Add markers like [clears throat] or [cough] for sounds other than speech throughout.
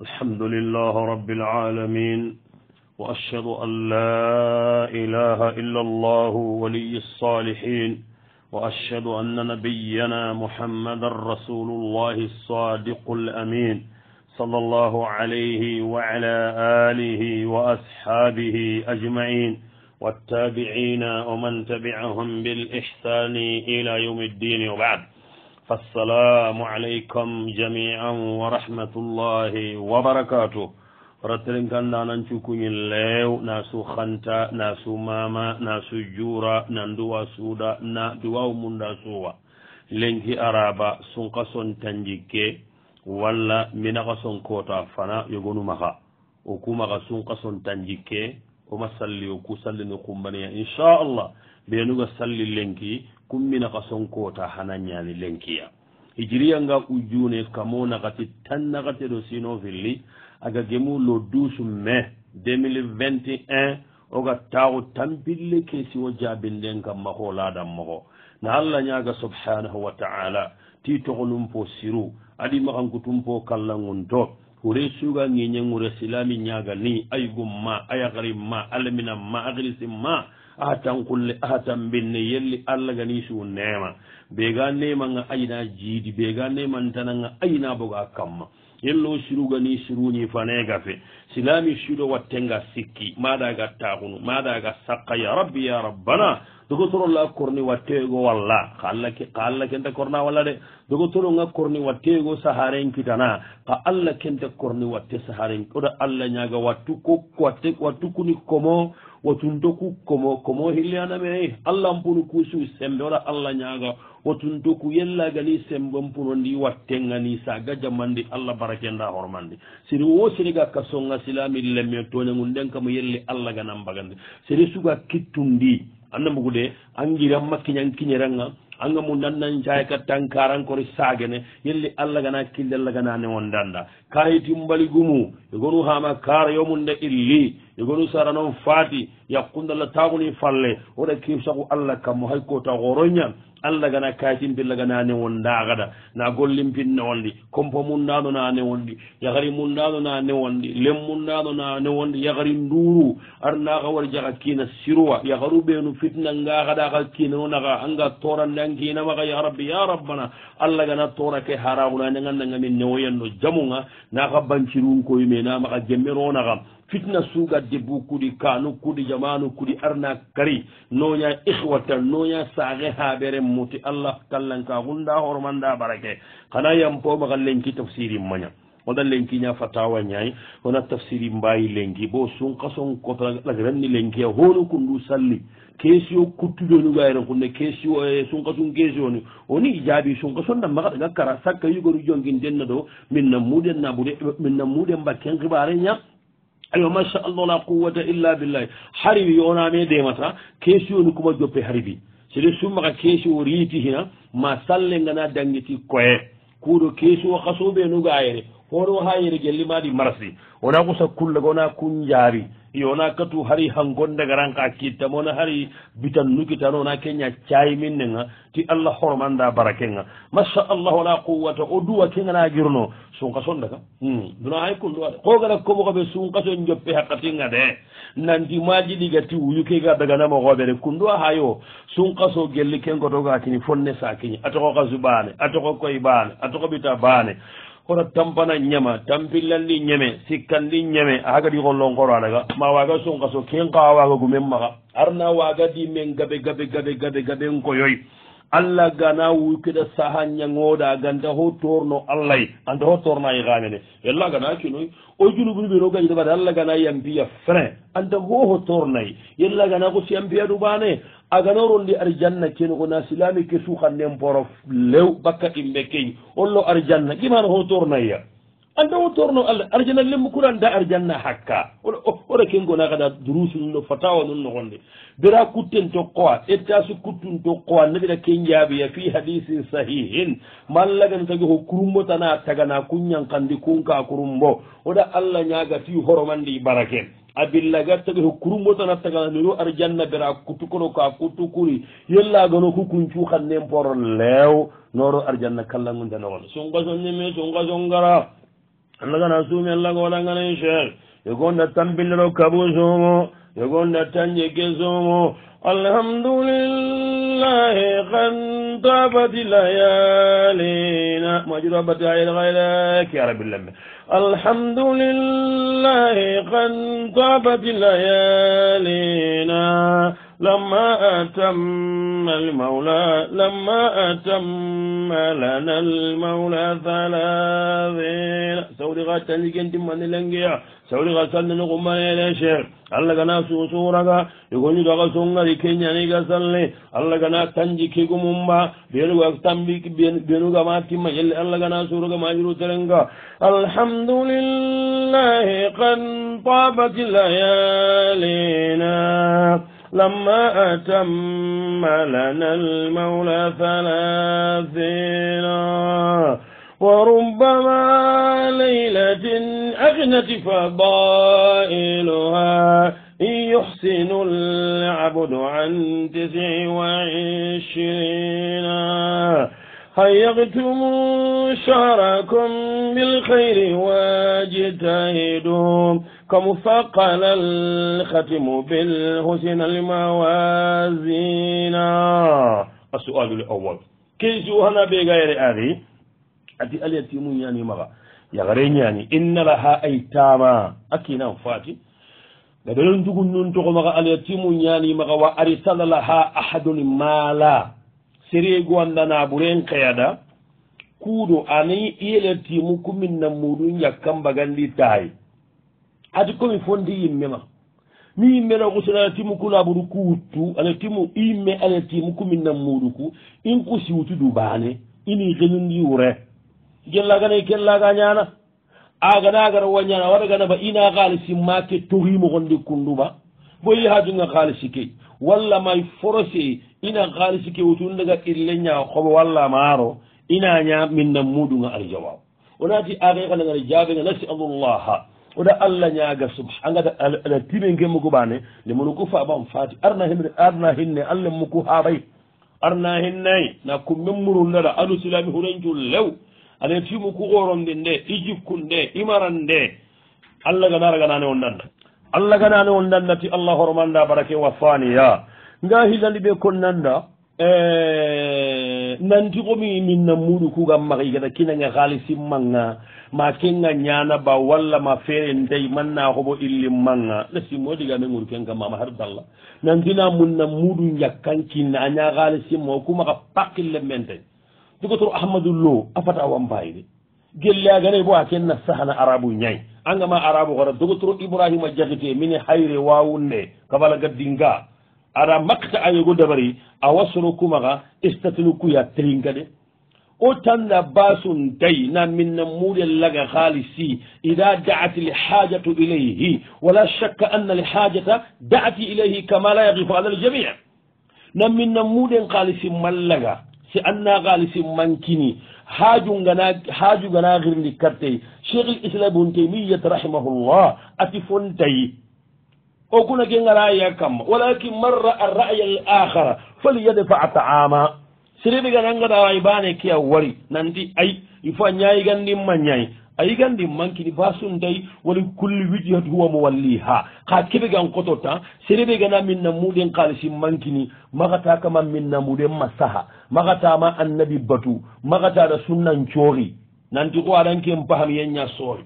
الحمد لله رب العالمين وأشهد أن لا إله إلا الله ولي الصالحين وأشهد أن نبينا محمد رسول الله الصادق الأمين صلى الله عليه وعلى آله وأصحابه أجمعين والتابعين ومن تبعهم بالإحسان إلى يوم الدين وبعد السلام عليكم جميعا ورحمة الله وبركاته رتلن كان دانا نشوكو نيليو ناسو خانتا ناسو ماما ناسو جورا ناندوا سودا نا دواو من داسوا لنكي أرابا سنقصن تنجيكي ولا منغصن كوتا فنا يغنو مخا وكو مخا سنقصن تنجيكي وما سلي وكو سلي نقوم بنيا إن شاء الله بينوغا سلي لنكي kummina ka sonkoota hana ñaani lenkiya hijiriya nga ujjuune kamo naxati tan naxate ɗo sinovilli aga gemu le 12 mai 2021 oga taaxu tampille ke siwo jaabinden kam maxo laadan moxo na allah ñaaga subhanahu wa taala ti toxolum po siru aɗi maxankutum po kallangun to hure suga ngiñen ure silami ñaaga ni aygum ma ayaxarim ma alaminan ma axilisim ma atan kulle atan binne yelli allah gani suwu nema bega nemanga ayina jiidi bega nemantananga ayina boga kamma yello sirugani siruñi fanegafe silami sido wattenga sikki maɗaga taxunu maɗaga sakka ya rabbi ya rabbana dogotorola korni watteego walla ka alla ka allah kente korna walla de dogotoronga korni watteego saharen kitana ka allah kente korni watte saharen oda allah ñaga wattu ko watte wattukuni komo watuntoku komo komo hillianamene allah mpunu kusu sembe oda allah ñaga watuntoku yellagani sembe mpunondi wattengani saga jammandi allah barakenda hormandi seri wo seriga kasonga silami lemme toñagundenkamo yelli allah ganambagandi seri suga kittundi annabu gude angiri an makkiñan kiñeranga angamu dandan cayekattan karankori saagene yelli allah gana killi allah ganane on danda kayitimbali gumu yegonu hama kara yomunde illi yegonu sara noon faati yakkundallah taguni falle oɗa kim sagu allah kammo hay kota goroñan allah gana kaacimpilla gana ne won ndaaxada na gollimpin ne won ɗi compo mum ndaano na ne won ɗi yahari mum ndaano na ne won ɗi lem mum ndaano na ne won ɗi yahari nduuru ar naaxa war jaxa kiina sirwa yaharu ɓeenu fitna ngaaxaɗa xa kiina no naxa anga toorande an kiinamaxa ya rabbi ya rabbana allah gana toora ke haraxunaa nengan nangamin ne woyen no jamunga naaxa bancirun koyme naamaxa jemme roonaxam fitna suugat debbo kuɗi kaano kuɗi jamanu kuɗi arna kari noña ihwata noña saahe haɓere muti allah kallanka hunda hormanda barake kana yampo maga lenki tafsiri maña oda lenki ña fatawa ñayi hona tafsiri mbayi lenki bo sun kason kota lagranni lenkia honu kundu salli kesio kuttudoni wayrenkunne kesio eh, sunkasun kesioni oni ijaabi sunkason na maxa ɗaga kara sakka yugoru jongin denna do min na muɗen nabude min na muɗen mbakken xibare ña ayo machallah la quwata illa billahi haribi yonaame demata keesi woni kuma joppe haribi c' est de summaka keesi o riiti hina ma salle ngana dangiti koye kuuɗo keesi o kasoɓe nugaayere hoɗo ha yere gelli maɗi marsi wona ko sakkullaga wona kunjaari yo wona katu hari hangondagaran ka kittam wona hari bitan nuki tan wona keña cayi min nega ti allah horomanda bara kenga machallah wona quwata o duwa kenga nagirno sunkasonda ka hmm. duna hay kunduwaɗe kogara komokoɓe sunkaso joppe hakkatinga de nandi maji ɗiga ti wuyukega daga namokoɓere kunduwa hayo sunkaso gelli kengotoga kini fonne sa kiñi atokoka subane atokokoy bane atokobita bane hono tampana ñama tampillalli ñeme sikkanli ñeme a hagadi gollo ngoro adaga ma waga sunkaso kenkawa waga gumen maxa arna waga di men gabe gabe gabe gabe gabe nkoyoy allah gana wukida saha ñagoɗa ganda ho torno allahy anta ho torna i ganene yalla gana kinoy o junubunu ɓeno gañita bade allah gana yampiya frein anta hoho tornay yalla gana ko si yampiya ɗuɓane agana rondi arjanna kene kona silami kesu xannen poro lew bakka ɗimɓe keñ hollo arjanna ƴimano ho tornaya annde wo torno allah ardiana lemmu kuran da ardianna hakka oɗo oɗo kengona kada drusin no fatawa non nogonde bera kutten tokkowa etta so kuttun tokkowa nabira kenjaabiya fi hadisin sahihin mallagan tagi ho kurumbotana tagana kunñankandi kunka kurumbo oɗa allah ñagati horomandi barake abillaga tagi ho kurumbotana tagana niro ardianna bera kuttu kono ka kuttu kuri yellagano hukun cuuhannen poro lew noro ardianna kallagunde nogonde songa sonnemi songa songara annagana suumi allah goɗanganan cheikh yogonda tan billero kabu suumo yogonda tan jegge suumo alhamdulillahi kan tabati layalina majiro abati ayel haylaki arabillembe alhamdulillahi kan tabati layalina لما أتم المولى لما أتم لنا المولى ثلاثين سوري غاتني تلقين من لنجيع سوري غا سنن غمان إليشير الله غنا سوسورا غا يقول لك غا دي كينيا نيجا سلي الله غنا تنجي كيكو ممبا بيرو غا بيك بيرو غا ماتي ما يلي الله غنا سورا غا يرو ترنغا الحمد لله قد طابت ليالينا لما أتم لنا المولى ثلاثين وربما ليلة أغنت فضائلها يحسن العبد عن تسع وعشرين هيغتم شعركم بالخير واجتهدوا كمثقل الختم بالحسن الموازينا السؤال الأول كيسوهنا بغير أغي أتي ألي أتيمون يعني مغا يغرين يعني إن لها أيتاما أكينا فاتي gadalon dugu nun togo maga alyatimu ñani maga wa arsala laha ahadun mala serego andana buren keyada kuudo ani yelatimu kuminna mudu jakkam bagandi tay hade komi fonde yimmema mi yimmeno kosono ala timmu kulaɓuru ku wuttu ana timmu yimme ana timmu kuminnam muɗu ku in ku siwtu du bane ini henundi wure gellagana e kellaga ñana aganagara woñana waɗa gana ba ina haalisi make torimo gonde kunduba boyi hajunga haalisi key walla may forose ina haalisi ke wotundaga ille ña hoɓo walla maaro ina ña minnam muɗunga ar jawab wonati agay kanagana jaɓega nasadullaha oɗa allah ñaaga subhangata ala tiɓe gemugoɓane nde mono ko faɓam faati arna hen arna hinne allah mo ko haɓay arna hennayi nakko memmuru ndara alu silami hurañco lew aɗa timu ko oronde nde i jikkun nde imaran nde allah ganara ganane on danda allah ganane on danda ti allah horomanda barake wa faniya nga hillandi ɓe kon nanda e eh, nanti komi minna muɗu kugam maka ikata kinange haalisimmanga ma kenga ñanaba walla ma feere ndey manna hoɓo illim manga lasi moɗigamengol kenga mama har dalla nandina munna muɗu jakkankinna a ñaaxaale simmoo kumaxa pakille menten dogotor ahmadou lo afata wambayde gelleaganay bo a kenna sahana arabu ñay angama arabu xora dogotoro ibrahima jaxite mine hayre wawunde kabala gaddinga ada makta a yogo dabari a wasoro kumaxa statinu kuya tringa de أتن باس دينا من نمور لغ خالصي إذا دعت الحاجة إليه ولا شك أن الحاجة دعت إليه كما لا يغف على الجميع نم من نمور خالصي من لغا سأنا خالصي من كني حاج غنا غير لكرتي شيخ الإسلام بن تيمية رحمه الله أتفنتي أو كنا كنا رأيكم ولكن مر الرأي الآخر فليدفع طعاما sirini ga nangoɗa ay bane kiya wari nandi ayi il faut a ñayigandinma ñayi ayi gandi mankini fa sundayi wali kulli wijihat huwa mowalli ha ha kebe gan koto tan sereɓe gana min na muɗen kalisi mankini magatakama min na muɗen ma saha magatama annabi batu magataɗa sunnan cori nanti ko aɗanken paham yenña soori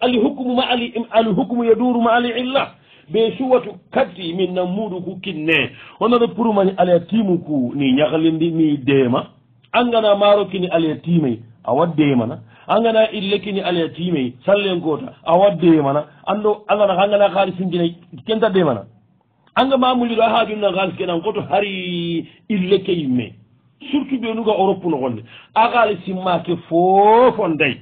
alihukmu ma ali alihukmu yaduru ma ali illah ɓe suwatu kaddi min na muɗu ku kinne onore purumani alaya timu ku ni ñahlindi mi deema angana maaro kini alaya timey awa deemana angana ille kini alaya timey sallenkoota awa deemana ando allana angana haali sinkinay kenta deemana anga mamuliro a haajunna haalis kenan koto hari ille ke yimme surtout ɓenuga europe nogonde a haali simmake foofo nday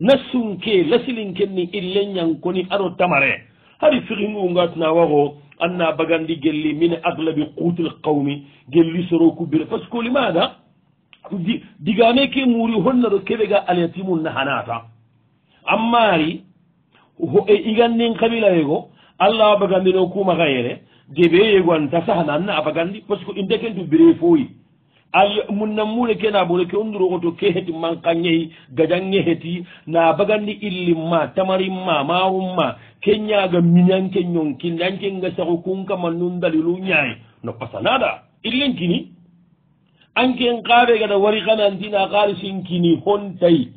nasunke lasilin kenni ille ñankoni aɗo tamare hari fihingu ngatna wago anna bagandi gelli min aglabi qutil qawmi gelli soroku bire par ce que limaga digame ke muuri honnaɗo keɓega aliyatimum nahanata ammari e iganndin kabila yego allah wa bagandino kuma hayere jeɓe yego anta sahananna a bagandi par ce que inde ken tu bire fooyi ay munna mule kena bole ke onduro onto ke heti man kanyehi gajan nge heti na bagandi illi ma tamari ma marum ma kenyaga minyan kenyon kindan kenga sako kunka manun dalilu nyay no pasanada illin kini anke nkabe gada wari kana antina kari sin kini hontai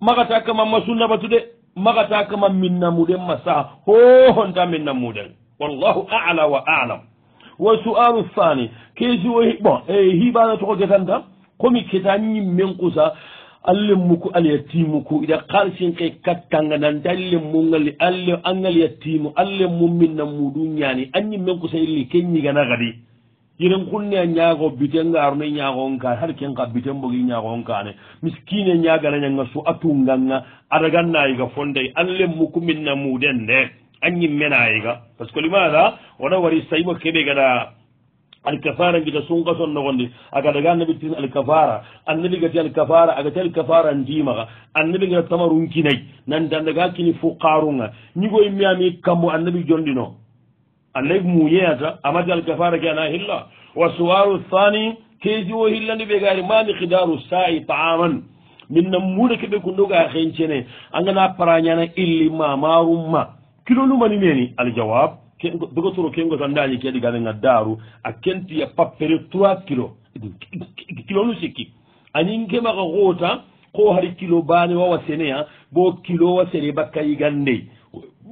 makata kama masunna batude makata kama minna mude masa ho honta minna mude wallahu a'la wa a'lam wa sual sani keesi o bon e hiɓano toko getan tam komi keta ñimmen kusa allah muku allah yettimuku iɗa kalsinke kattanga nanta allah mugali allah angal yettimu allah mumminna muɗum ñani añimmen kusa illi kenñigana kadi yiren kunne a ñaago biten garno ñaagon kane hade ken ka biten mbogi ñaagon kane miskine ñaganañanga su atunganga aɗa gannayiga fonde allah muku minna muɗen nde anyin menayiga par ce que limada wona wari sayimo keɓe gaɗa alkafara gita sunkason nogondi aga daga annabi tin alkafara annabi gati alkafara agati alkafara ndimaga annabi gata tamarunkinayi nanta daga kini fuqarunga ñigoy miyami kammo annabi jondino annabi muñeyata amati alkafara ke ana hilla wa suwaru thani keji o hillandi ɓe gari ma miqdaru sa'i taaman min nan muɗa keɓe kundoga hencene angana parañana illi ma marumma kiloɗumani meni aljawab dogotoro kengo tan dañi keɗiganega daru a kentiya pappere trois kilo kiloɗum sikki anin keɓaka xoota xo hari kilo bane wawa seneya bo kilo wa sere bakka yigandey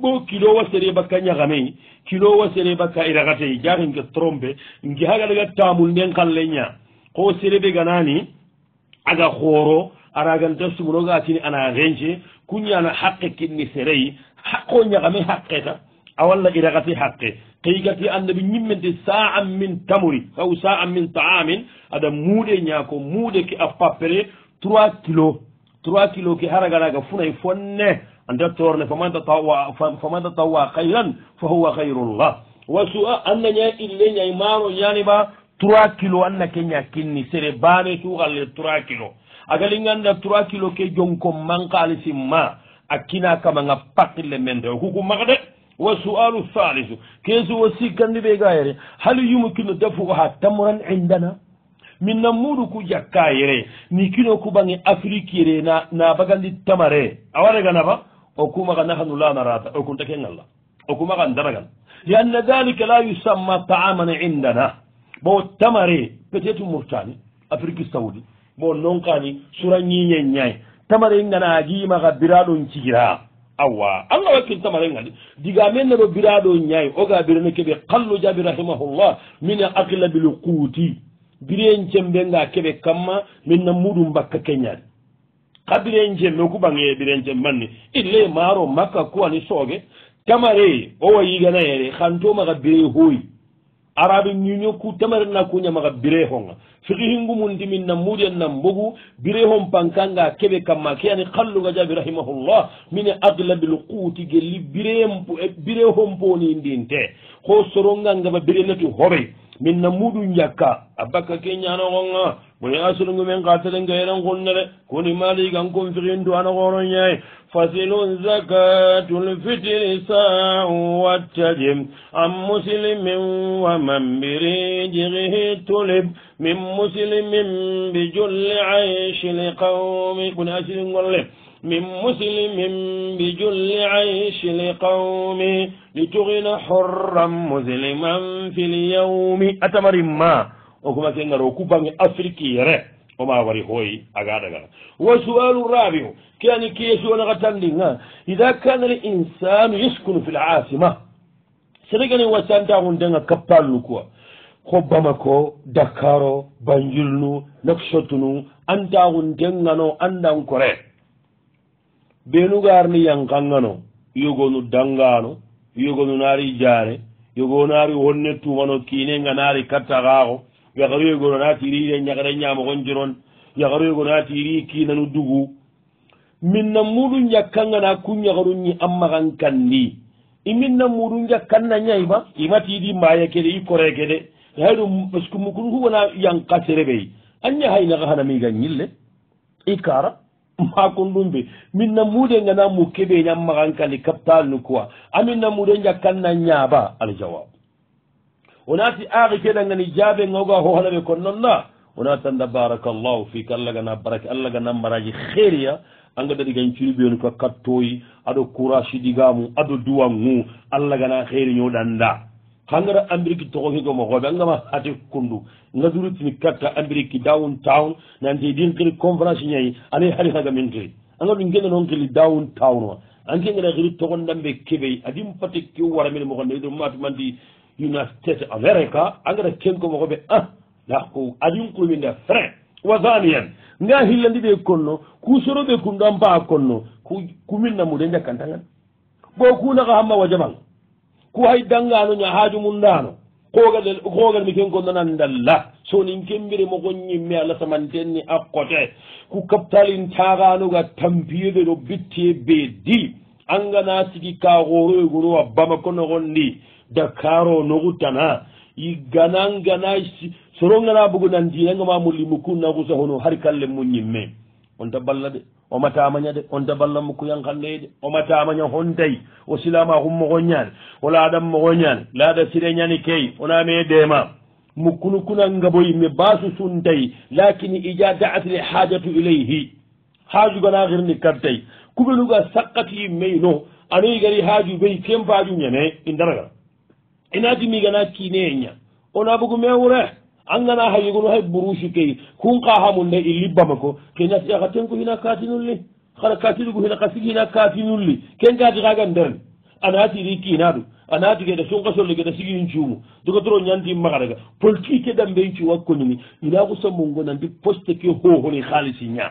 bo kilo wa sere bakka ñaxamey kilo wa sere bakka iraxatey jaxinke trompe nke hagadaga tamul nden xalle ña xo sere ɓe ganani aga xooro araganta sumunoga tini ana xence kuñana xaqe kinni serey حقه غمي حقه أولا إرغتي حقه قيقتي أن بنيم من ساعة من تمري أو ساعة من طعام هذا مودي نياكو مودي كي أفابري 3 كيلو 3 كيلو كي هرغا لغا فوني فوني أن تتورني فمن تطوى خيرا فهو خير الله وسؤال أن نيا إلي نيا إمانو يعني با 3 كيلو أن كي نياكيني سري باني توغالي 3 كيلو أقل إنغان 3 كيلو كي جنكم من قالي سيما a kina kama nga pakille mende o kuku magde wa sual halisu keesu wa sikkandi ɓe ga yere hali yumukino dafu o ha tamuran indana min na muɗu ku jakka yere ni kino kubange afrique yere na nabagandi tamare awaregana o kumaga nahanu lanarata o kunta ke ngalla o kumaga daragal li anna dalika la yusamma taaman indana bo tamare peut être mourtani afrique saudi bo nonkani sura ñiñe ñay tamarayi nganagima ga biraɗon cira awa anga wakkil tamara ngandi diga men neɗo biraɗo ñay oga birene keɓe kallo jaabi rahimahullah min e aqila bil kuuti biren cembenga keɓe kamma min na muɗum bakka keñaɗi ka biren cembe ku ɓange biren cem manni ille maaro makka kuwani sooge tamare o wayiganayere xantomaga bire hooyi arabe ñuño ku temerena kuña maga bire honga fihingumundiminna muriyanna mbogu bire hon pankanga keɓe kamma ke ani kalluga jaabi rahimahullah mine aglabil quuti gelli birempo e eh, bire homponindinte ho soronganngaba bire natu hoɓey minna muɗu jakka abakka ke ñanogonga boni asirngumen katelengeyeren kunnere koni maligan kon fihindu anogoro ñay فصل الزكاة الفتر ساع والتجب عن مسلم ومن بريجغه طلب من مسلم بجل عيش لقوم كن أسل من مسلم بجل عيش لقوم لتغن حرا مسلما في اليوم أتمرم ما وكما كنغر وكبان أفريقي ر وما وري هوي أغادغر وسؤال رابع كان كيش وانا غتاني اذا كان الانسان يسكن في العاصمه سرقني وسانتا وندنا كبالو كو خبمكو دكارو بانجيلنو نكشوتنو انتا وندنانو اندان كوري بينو غارني يانغانانو يوغونو دانغانو يوغونو ناري جاري yogona ari wonne tumano kine nganari kattakako yakaru yogonanatiri ire ñakere ñamogon jiron yakaru yogonatiri kinanu dugu min na muɗu ñakkangana kuñagaru ñi a magan kandi i min na muɗu ñakkanna ñayi ma imatiidi maya kede i koreekede hayru parce que mukun hu wona yankasere ɓey an ña haynaga hana miga ñille i kara makon ɗum ɓe min na muɗe ngana mukke ɓeñi a magan kandi kaptalnu quoi amin na muɗe ñakkanna ñaaba aljawab wonati aaki keɗangani jaabe ngaoga hohalaɓe kon noon na wonati anda baraka llahu fik allah gana barake allah gana maraji heriya angada ɗigan cirbeni ka kattoyi aɗo courage ɗigamu aɗo duwa ngu allah gana heriñoɗanda hangara amérique togohigo mogoɓe angama hati kundu gadurutini katta amérique down town nante ɗin kiri conférence ñayi ane hari haga min kiri anga ɗum gueɗa noon kili down town wa anke gara kiri togondanɓe keɓey adin pati ke waramine mogonde ɗo matumandi united america angara kenko mogoɓe a ah, dako adin kulumide frain wasanien nga hillandi ɓe konno kusoroɓe kum ɗo mbaa konno kuminnamude jakkantangan bo kunaka hamma wajabal ku hay dangano ña haaju mum ndano kogal mi ken konnonandalla soni kembire mogo ñimme allah samantenni akkote ku kaptalin caganoga tampiyede ɗo bitte be di angana sigi kaxoroye gonowa bama konogon ndi dakaro noxutana i gananganaysi soro ngana bogo nan dinangama molli mukkun na kusa hono hari kalle mu ñimme on ta balla de omatamaña de on ta balla mukku yankandeye de omatamaña hontay o silama xum moxo ñane o laadam moxo ñane laada sire ñani key onaame deema mukkunu kuna ngaboyimme basu suntay lakin ija daat le hajatu ilayhi hajugana xirni kartay kuɓenuga saqati yimmeyno anoyigari haju ɓey kem faju ñene i ndaragara inati migana kineeña ona bugu mewure angana ha yugunu hay brouche key kunka hamunde illibbama ko kenati aka ten ko hina katinulli hara katinugu hina ka sigi hina katinulli ken gati kagan nderen anati ri kinadu anati geɗa sunka solle geɗa sigi hin cuumu duga toro ñanti magaraga polki ke dambe cuwa konini ina kusamungo nandi poste ke hohoni haalisi ña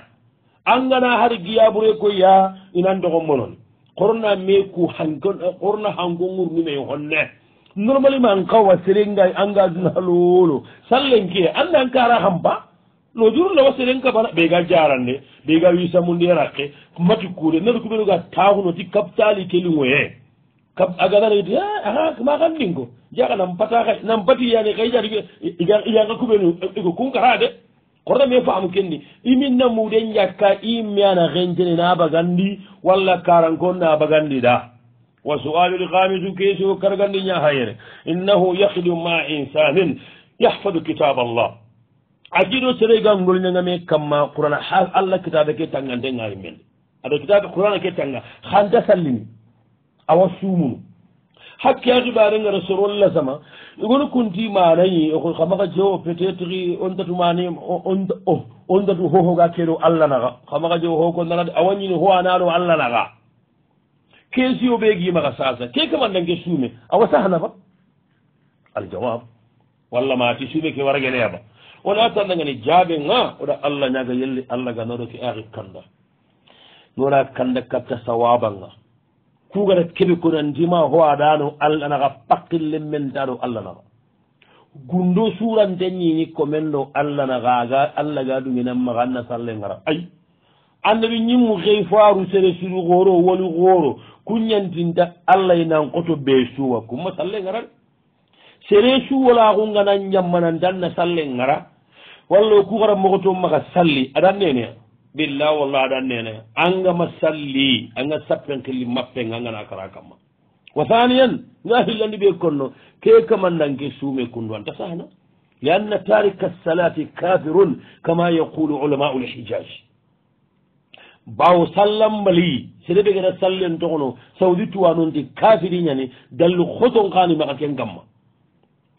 angana har giyabure koya inan dogo monon korona me ku hankon korona hankon ngurnimei honne normalement an kawa serengay engage na lolo sallenke anda an kara ham ba no jurulawa serenka bana ɓe ga jarande ɓe ga wisamunde rakke mati kuure nadu kuɓe noga tahunoti captali keligoye agaganaiti aa ah, ma kan ɗingo jaka nam pata kay nam pati yani kay jati iyanga kuɓenu iko kunkarade korta me faamu kenni imin namuden jakka imme ana xencene na bagandi walla karankon na bagandi da وسؤال الغامز كيس وكرغل نهاير إنه يخدم مع إنسان يحفظ كتاب الله أجل سريقا نقول نغمي كما قرآن حال الله كتابك تنغان تنغان من هذا كتاب القرآن كي تنغى خان تسلم أو سومن حكي أجب عن رسول الله سما يقول كنت ما ني يقول خمك جو بتيتري أنت تماني أنت أنت هو هو كيرو الله نغا خمك جو هو كنا أوني هو أنا الله نغا keesio ɓeegimaka sasa ke kamandange suume awa sahnaba aljawab walla maati suume ke warageneyaba wona tandagani jaabe ga oɗa allah ñaga yelli allah ga naɗo ke aki kanda nora kanda katta sawabanga kugata keɓe konandima ho aɗano allah naga pakkille mentaɗo allah naga gundo surante ñini komenɗo allah nagaga allah ga ɗuginanmaga annasalle gara ay annaɓe ñimmu xey foaru sere sur xooro walu xooro kuñantinta allah y nan koto ɓe suwa kumma salle garan sere suwolaxunganan ñammanan tanna salle gara walla o kuxara moxo to maxa salli aɗan nene billa walla aɗan nene angama salli anga sappen killi mappen angana kara kamma wa haniyan nga hillandi ɓe konno ke kamandan ke suume kundu anta sahna li anna tarika salati kafirun kama yaqulu ulamau lhijage bawo sallam mbalayi sedeɓe geɗa sallen togono saudi tuwa noon ti kafiri ñani dallu hoton kani maxa ken gamma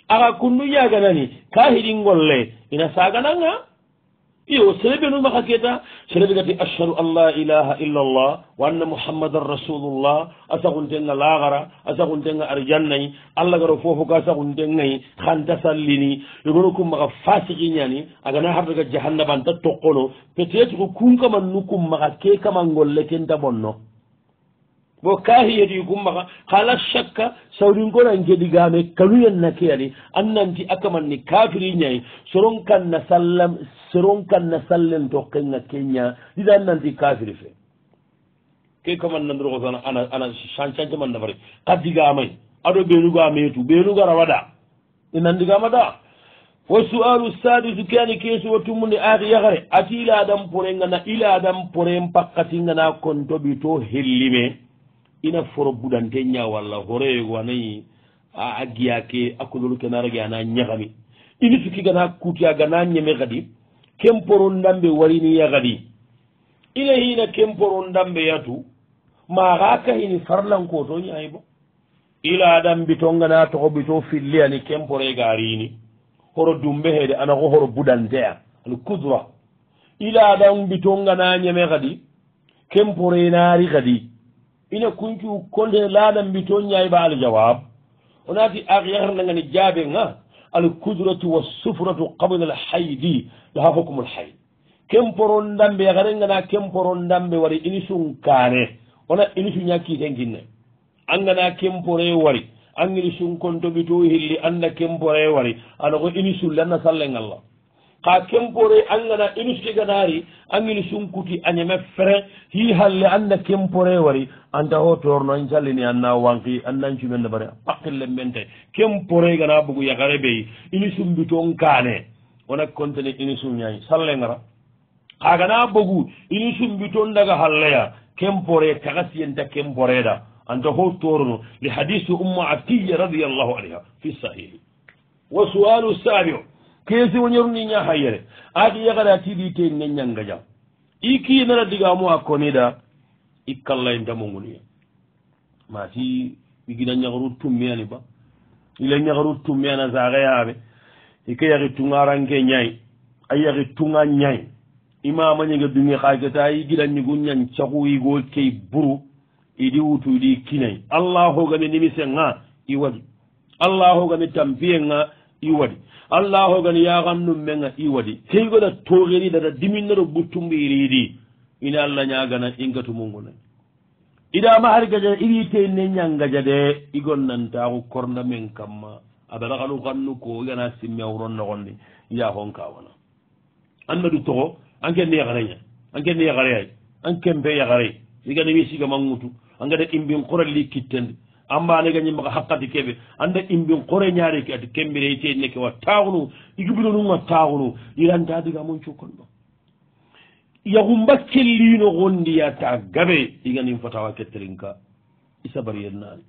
aga kundu ñaganani kahiɗi ngolle ina saganan ga iyo serebe nu maxa keeta serebe gati ashadu an la ilaha illa allah wa anna muhammadan rasulullah a saxuntenga laxara a saxuntenga arjannayi allah garo foofo ka saxuntengayi xan ta sallini yogonu kum maxa fasiki ñani a gana xardaga jahannaba nta toqono peut etre kun kama nu kum maxa ke kama ngol le kenta bonno bo kahiyadi gummaha hala chakka sawringonan jeɗigame kaluyen nake ani annanti akamanni kafiriñayi soronkanna sallam soronkanna sallen to kenga keña ɗiɗa annanti kafiri fe ke kamannadirgo sana ana ana chancancaman nafari kaddigamayi aɗo ɓenugo a metu ɓenugo ara waɗa ɗi nandigama da wo sual sadisu keani kesuwo tummude aki yahare ati iladan pore ngana iladan poren pakkatingana kontoɓi to hellime ina foro budante ña walla horeyego anayi a aggiyake akololu ke naragi ana ñagami ini fiki gana kutiya gana ñeme kadi kemporo ndambe warini ya kadi ina hina kemporo ndambe yatu maxa kahini farlanko to ñayi bo ila dambito gana toxo bito filli ani kemporo ga rini horo dumbe hede anako horo budanteya al coudra ila dambito gana ñeme kadi kemporo nari kadi ina kuncu konde laɗa mbito ñayba ala jawab onati aqyarnagani jaabe ga alkudratu wasufratu qabla alhaydi yahafukum alhayd kemporo ndambe yaharengana kemporo ndambe wari inisun kane ona inisu ñakkitenginne angana kempore wari angini sun kontoɓito helli anda kempore wari ana ko inisulle anna sallengallah ka kempore angana ilus ke ganari an ilusum kuti anyame fere hi halle anna kempore wari anta ho torno in sallini anna wanki annan cumen dabare pakkille mente kempore gana bugu yagare be ilusum biton kane wona kontene ilusum nyai salle ngara kagana bugu ilusum biton daga halleya kempore tagasiyenta kempore da anta ho torno li hadithu umma atiya radiyallahu anha fi sahih wa su'alu sabi'u keesi wo ñoruni ñaha yere aki yagara tiɗi te neñanga jam i kiinara digamu a koniɗa i kallaye ndamoguniye mati igina ñagaru tumme ani ba ila ñagaru tumme ana saga yaɓe ike yaki tunga ranke ñay a yaki tunga ñay imama ñege dungi xa keta i gida ñigu ñan cagu igo key buru idi wutu idi kinay allahogami nimisenga i waɗi allahogami tampiyenga i wadi allah ogani yagam num menga i wadi keygoda toxiri dada diminnoro buttumbe iriidi ina allah ñagana ingatumungunai idama har gadjade iriite ne ñangadjade i gonnantaxu korna men kamma abada xanu xannu ko i gana simmewuro noxondi yaxonkawana annadu toxo ankenne yaxareña ankenne yaxareay ankenpe yaxarey i ganimi sigamangutu angada imbin xorali kittendi ambaalega ñimmaka hakkati keɓe annda imbin kore ñaareki ati kembireyteni neke wa tawnu igibino nunga tawnu iranta diga mon cukkon ɗo yahumba kellino gondiya ta gabe iganin fatawa kettelinka isabariyennani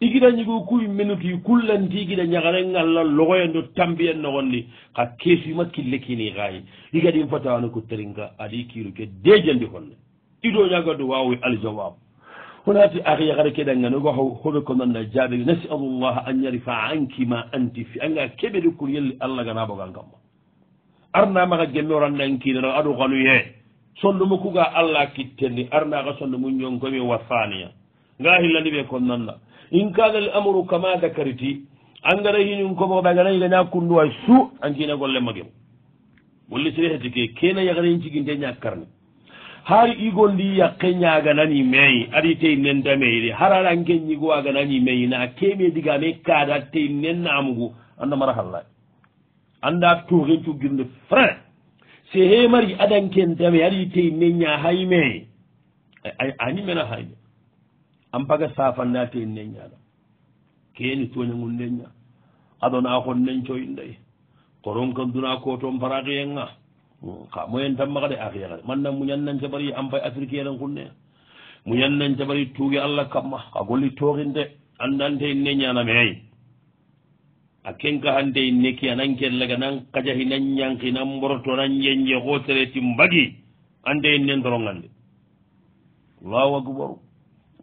igida ñigo kuy menuti kullanti igida ñagarengalla logoyendo tambiyen nogondi ka keesima kille kini xaayi igadin fatawano kettelinka adi kiiru ke dejandi holle idoñaga do wawi aljawab honati ahiya hara keɗa ganugo ho hoɓe ko nanna jaaɓe nasalullah an yarifa anki ma antifi anga keɓeɗe kor yelli allah ganaɓogal gamma arnamaha gemmeorandankinano aɗu ganu ye sondumo kuga allah kittenni arnaha sondumu jonkomi wasania nga hillani ɓe kon nanna in kana l amaru kama dakariti angara hinum komoɓe a ganayi leña kunduway su ankina golle magemo wolli sireheti ke kena yahara hin ciginte ña karne har igol ndi yakkeña aganani mey aɗi tey nenda meyde har aɗa geññigo aganani meyi na keme digame kaada tey nennamugu anda marahallay anda tooxe cuggirnde frin se hemari adanken dame aɗi tey nenña hay mey ani mena hayme an paga safanna tey nenñaɗa keni toñagun nenña aɗona xon nencoyinday koronkan duna koton paraxiyenga xa moyen tammaxa de axiyaxa de manna muñan nan cabari ampay africain en xunne muñan nan cabari tuugi allah kamma xa golli tooxin de andante ne ñaname ay a kenkaxante neki a nan ken laga nan xajaxi nan ñanxi nan mboroto nan njenje xo sereti mbagi ante nen torongan de allahu akbaru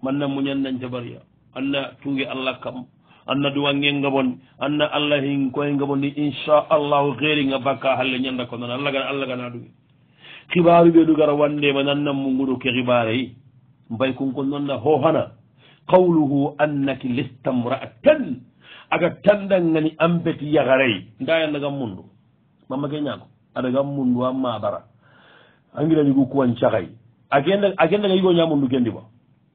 manna muñan nan cabaria anna tuugi allah kamma anna duwa ngen ngabondi anna allah hin koye ngabondi inchallahu heeri nga bakka halle ñanda konona allah gana allah gana ɗumi xibaru ɓe ɗugara wandema nannan mungudu ke xibareyi mbay kon kon noonda hohana qawluhu annaki lista mraatan aga tandangani ambeti yaharey ndaya ndagam mundu mama ke ñaako adagam mundu a mabara angiranigu kuwan cahay agendaga yigo ñamundu gendiba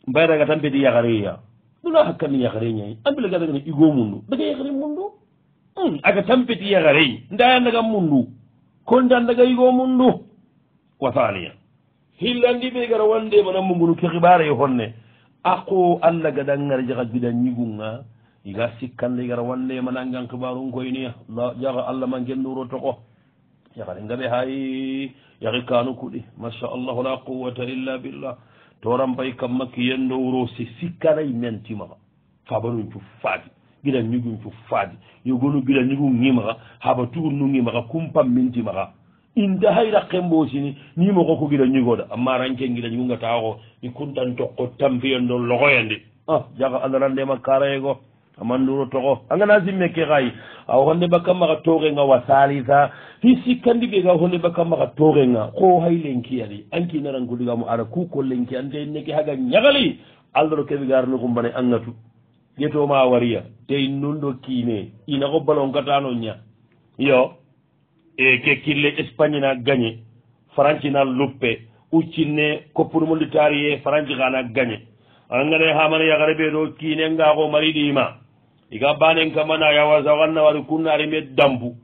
mbay daga tan beti yaharey ya ɗuna hakkandi yahare ñayi ambila gadaga no igo mundu daga yahare mundu hmm, aga tampeti yahareyi ndayandaga mundu kontandaga igo mundu wa thaniya hillandi ɓe gara wande mana mugunu ke xibara yo honne ako allah gada ngar jaha gida ñigunga iga sikkande gara wande mana ngan xibarun koyniya jaha allah mangennuro toko yahare ngaɓe hay yahi kanu kuɗi masha allahu la quwata illa billah to rampay kam makki yendo wuro si sikkanay men timaka fabanum cu faadi gida ñigum cu faadi yogonu gida ñigum ngimaka haba tugur nu ngimaka kumpam min timaka inta hayra kembo sini ni mo ko gida ñigo da amma ranke gida ñigunga tawako ni kuntan tokko tampiyendo logoyendi ah jaga allah rande makkarayego amanduro toxo a ngana simme ke xaayi a xonde bakka maxa toxenga wa salisa fi sikkandi ɓeega xonde bakka maxa toxenga xo hay lenki ani ankinarankudigamo ara ku ko lenki ante neke haga ñaxali aldaro keɓe garani xumbane a ngatu getoma waria te nundo kiine ina xo balonkatano ña yo e ke kille espagne na gagne france na luppe uccinne coppe du monde tarie france xana gagne angane xamana yaxare ɓeeɗo kiine ngaxo mariɗima iga banen kamana yawasa ganna wari kunnarime dambu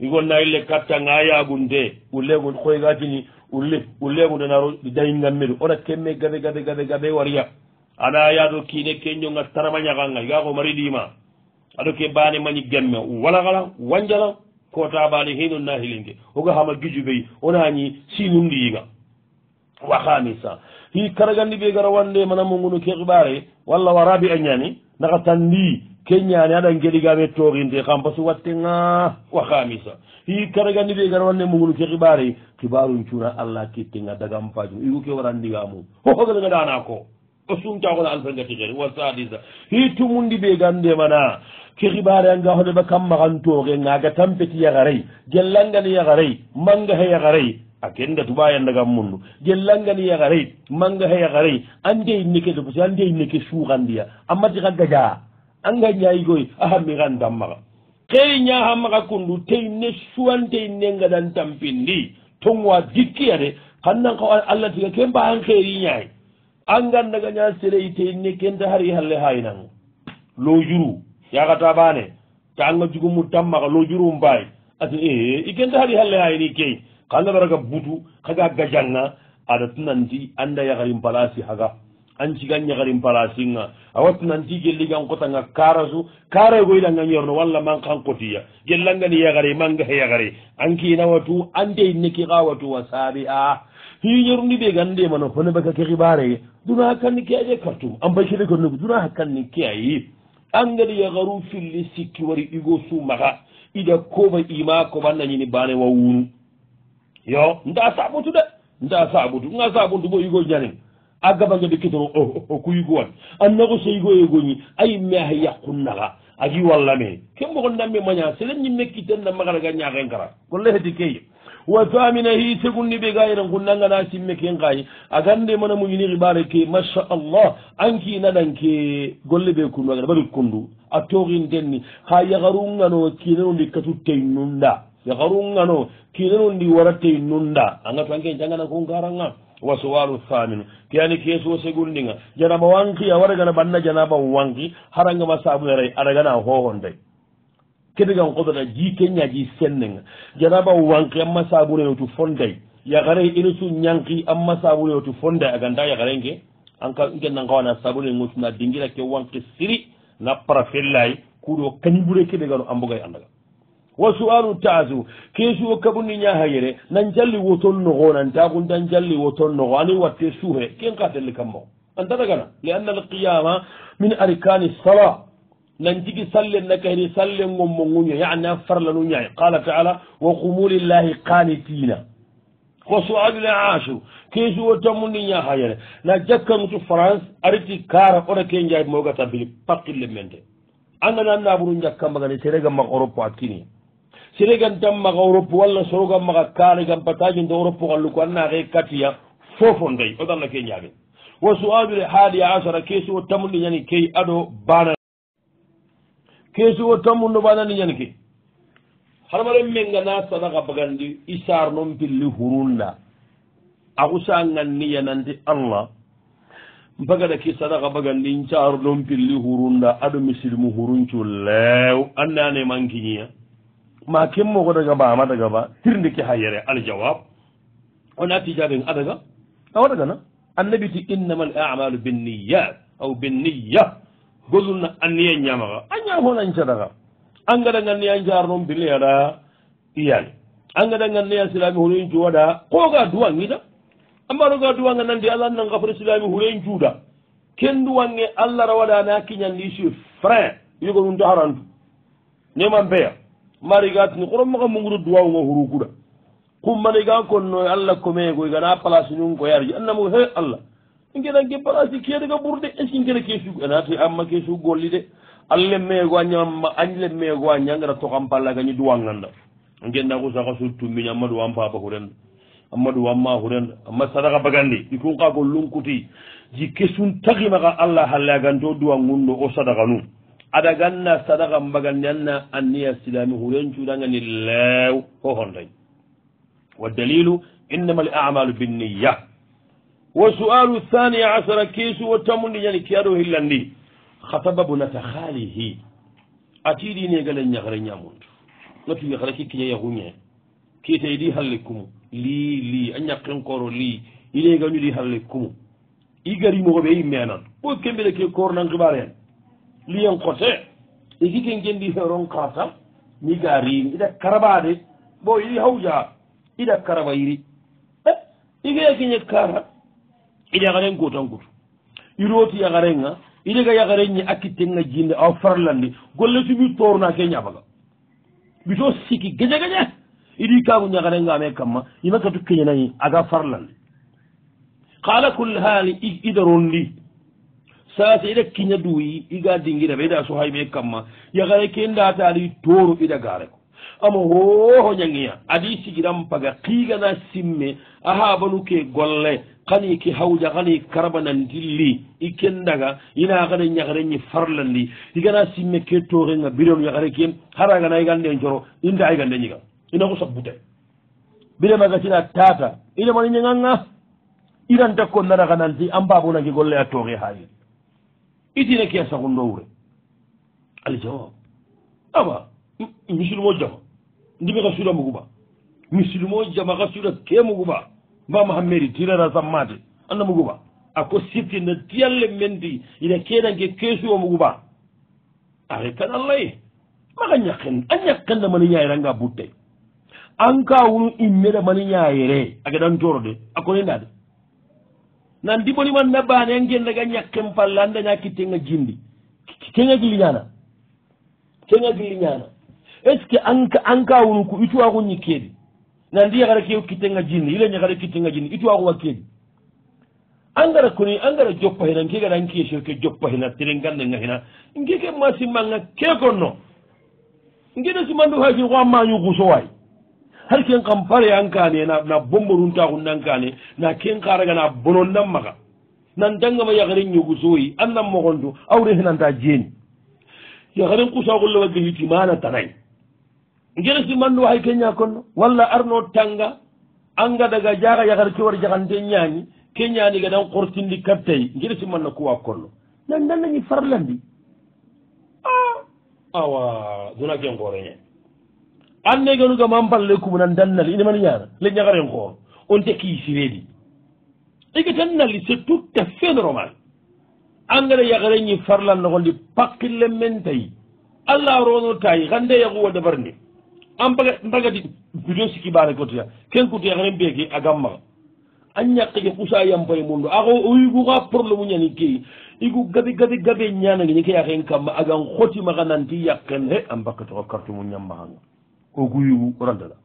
igonnayille katta ga yagunde ullegun koygatini ulle ullegunde naro dayingammedu ona kemme gabe gabe gabe gabe wariya ana yado kine kenyonga taramañaganga igako mari ɗima aɗoke bane mañi gemme walakala wanjala kota bane heno nahilinde oga hama giju beyi onañi sinundi yiga wa hamisa hi karagandi ɓe gara wande manamo gono kexibare walla warabi añani naxa tandi keññaani aɗan geɗigaɓe torinde kam pa so watte ga wa hamisa hi karagandi ɓe gara wanne mugunu ke xibaari kibaarum cuuna allah kittinga dagam fajum igu ke waran ndigamum hoxogalenga dana ko o sumtaxona alfengati xeri wa sadisa hi tumundi ɓe gan ndemana ke xibaari anga xoɗeɓa kam maxantooxe gaga tampeti yaxarey jellangani yaxarey manga he yaxarey a ken ngatuba yandagam munu jellangani yaxarey manga he yaxarey andeyin neke depose andeyin neke suxandiya a matixa gadia anga ñaayigoy ahami xan dam maxa xey ñaaxa maxa kundu tey ne suwantey nengadan tampindi tongwa gikkiya de xannan xa allah tiga ken mbaxan xeeri ñaay angan naga ña serei tey ne kenta xar i halle xaaynang lo juru yaxata baane ta anga jugumu tam maxa lo juru mbaay ati ee eh, eh, i kenta xar i halle xaayni key xa nabaraga butu xaga gajanga ada tunanti anda yaxarin palaci xaga an cigan ñakarin palacinga a wattu nanti gelligan kotanga karasu kara goylanga ñorno walla man kan kotiya gellangani yagare manga he yagare an kina watu an dey neki ka watu wa sabi a hiyu ñorundi ɓe gande mano fone baka ke xibare duna hakkanni ke aje kartum an bacide konnugu duna hakkanni ke ayi an gadi yagaru filli sikki wari ɗigo su maxa ida koba ima koba nañini bane wa wunu yo nda sabutu de nda sabutu nga sabutu bo igo ñanin a gabange de kitoro ku yigowan annago seyigo yegoñi ay meaha yakkunnaxa agi wallame ke mbogonname maña seren ñimme kittenna magaraga ñaken kara kolleheti key wa tamina hi segunni ɓe ga iren kunnangana simme ken kayi a gande mana muñini xibare ke masha allah anki nananke golle ɓe kunnu agada bari kundu a toxin tenni xa yaxarunganoo kinenondi katu teynunda yaharungano kinanundi warate nunda anga tanke jangana ko garanga wasuwalu thaminu kiyani kesu wasegundinga janaba wanki awaregana banna janaba wanki haranga masabunerai aragana hohonde kedigan kodona ji kenya ji sennenga janaba wanki amma sabure yotu fondai yagare ino su nyanki amma sabure yotu fondai aganda yagare nge anka nge nangawana sabure ngutuna dingira ke wanki siri na parafellai kudo kanyibure kedigano ambugai andaga وسؤال تازو كيسو وكبني نياهيري ننجلي وطن نغونا انتاقون ننجلي وطن نغاني واتسوهي كين قاتل لكمو انت دقنا لأن القيامة من أركان الصلاة ننجيكي سلين نكهري سلين ومونغوني يعني أفر لنوني قال تعالى وقوموا لله قانتين وسؤال العاشر كيسو وتمني نياهيري نجكا نتو فرانس أريتي كارا قولا كين جايب موغتا بلي باقي اللي منتي أنا نابرون جاكا مغاني سيريغا مغ أوروبا أكيني sirigan tan maga europe walla sorogan maga kaaligan batajin do europe galluko annaake katiya fofon day odanna ke ñaagen wo suaadude haali asara keesu o tammude ñani key aɗo bana keesu o tammunɗo banani ñani ke haɗamaren menga na sadaka bagandi isar non pilli hurunda akusangan niyananti allah mbagada ki sadaka bagandi ncaru non pilli hurunda aɗo misilmu huruncu lew annane mankiñiya ma kemmogo daga ba ama daga ba tirde ke ha yere aljawab on attijaɓen adaga awa dagana annabiti innama al amalu binniyat aw binniya gollulna anniye ñamaga a ñamonañcadaga angada ganniya jarnon bineyaɗa iyani angada ganniya silami hunen juwaɗa koga duwangida ambaɗoga duwanga nandi allah nan gafre silami hunen juuɗa ken duwange allah rawaɗa na kiñandi su frain yogonunta harantu nemanpeya marigatini koro maga mungudo duwawugo hurukuda kummaniga konnoy allah komego gana place nun koyarji annamago he allah ngenanke place kedega ɓurde est ce que ngena kesug anati amma kesug golli de allah meego añama anle meego aña ngena tokam palla gañi duwanganda ngenna ko saka sod tummiña amma duwan papa hurenda amma duwan ma hurenda amma sadaka bagandi ikun ka go lunkuti ji kesun tagimaga allah halle agante o duwangun do o sadaka nu aɗa ganna sadaka mbagal ñanna anniya silami huren cuɗangani leew ho honday wa dalilu innama l amalu binniya wa sualu thania asara kiisu wo tammundi ñani kiyaɗo hillandi hasababu nata halihi atiɗinegale ñahre ñamundu no tuwi hara ki kiña yahuñe kiitey ɗi halle kumu li li a ñakken koro li inegañuɗi halle kumu igarimooɓe yimmenan ɓo kembeɗe ke koronan kibar en liyen kote ikiken gendi heron karata mi garimi ida karabade bo iri hawja ida karaba yiri eh, igayakiñe kara iɗaaren gotangoto iroti yakarenga iɗaga yakarenñe akkittenga jinde awa farlandi gollesu mi toruna ke ñabaga mbito siki geña geña iɗi kagu ñakarenga ame kamma imakatu keñanayi aga farlandi kala kulle hali idaron ndi sasi ida kiña duyi iga dingida ɓe ida sohayme kamma yahare ke ndatali toru ida gare ko ama hoho ñangiya adi sigiran paga qigana simme a habanu ke golle kani ki hawja kani karabanandilli i kendaga ina kane ñahare ñi farlandi igana simme ke torenga birenu yahare ke haragana igande coro inta igande ñiga ina ku sak bute biremagasina tata inemani ñanganga iranta konnaraganandi an babunagi golle a toge hayiri itina ke sagundo wure ali jawab awa misilumo jama ndimi ka suda muguba misilumo jama ka suda ke muguba mbama ha mairi tirana sammate anna muguba ako sirti na tiyalle mendi ina kenanke kesuwo muguba ake kan allaye maka ñakken a ñakkenna mani ñayere anga butte an ka wunu immeda mani ñayere a gedan toro de a konendade nan diɓoniman nabbaane en gendaga ñakken palle andaña kittinga jindi keŋak liñana keŋak liñana est ce que anka anka wunu ko ituwaku ñikkeedi nan di yahara kew kittenga jindi ile ñahara kittinga jindi ituwaku wakkeedi angara koni angara joppa hina nkeegada nkeesoke joppa hina tiren gandanga hina nkeke masimmanga keekonno ngeno simandu haji ko a mañu kuso waay har ken kam bare an kane na bomborumtaxun nan kane na ken xaraga na bonon nan maxa nan dangama yaxaren ñogusoyi an nan moxontu awre henanta jeni yaxaren kusaxullawa gehiti mana tanay ngere si mandu hay ke ñakonno walla arno tanga anga daga jaxa yaxar ke war jaxante ñani ke ñaniga dan xortindi kattay ngere si manna kuwa konno nan dannañi farlandi a ah, awa duna ken xoreñe anne ganuga mampal lekkumu nan dannal ine mani ñana le ñagaren koor on tekki sireedi ike tannali c' est tout à fait normal engrais yagarenñi farlan nogondi pakkillen men tayi allah rono tayi hande yaguwa dabarndi an mpagati video siki bane kotiya ken kutu yagaren beeke a gammaga an ñakkike kusa yampay mundu ako oyiguga probléme ñani keyi igu gabi gabi gabe ñanangeñi ke yaken kamma agan hotimaga nanti yakken he an mbakketoxo carte mu ñammahanga oguyugu rondala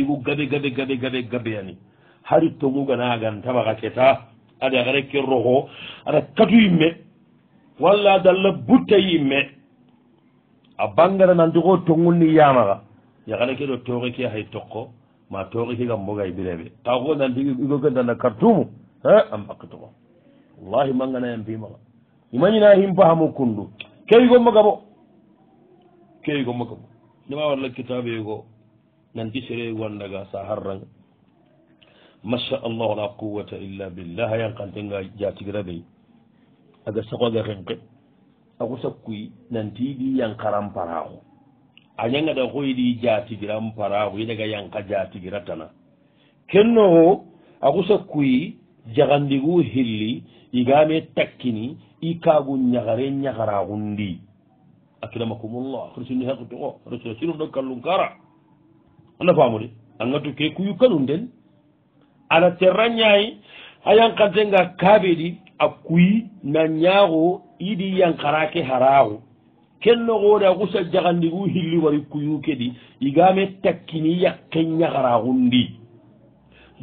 igu gabe gabe gabe gabe gabe yani hari togugaanagan tabaka keta ada gara kerroho ada katu yimme walla dalla butta yimme a bangara nantigo togunni yamaga yagara ke do toke ke hay tokko ma toke ke gambogay bireɓe tago nantigi igokedana kartumu e an bakkitoko wallahi mangana yam bimaga imañina himpahamo kundu keyigommagabo keyigommagabo nima walla kitabe go nanti sere gondaga sa harran masha allah la quwata illa billah hayan kantenga jatigirabe aga sakoga renke aku sakkuy nanti di yankaram parahu anyanga da koy di jatigiram parahu yidaga yanka jatigiratana kenno ho aku sakkuy jagandigu hilli igame takkini ikagu nyagare nyagara gundi akiramakumullah akrsini hakti o rsla sinu ɗo kallum kara ana famude a gaddu ke kuyu kanum den ala terra ñayi a yankantenga kaabe ɗi a kuyi na ñaago yiɗi yankara ke haraaku kenno hoore a kusa jagandigu hilli wari kuyu ke ɗi igame takkini yakke ñagaraakun ndi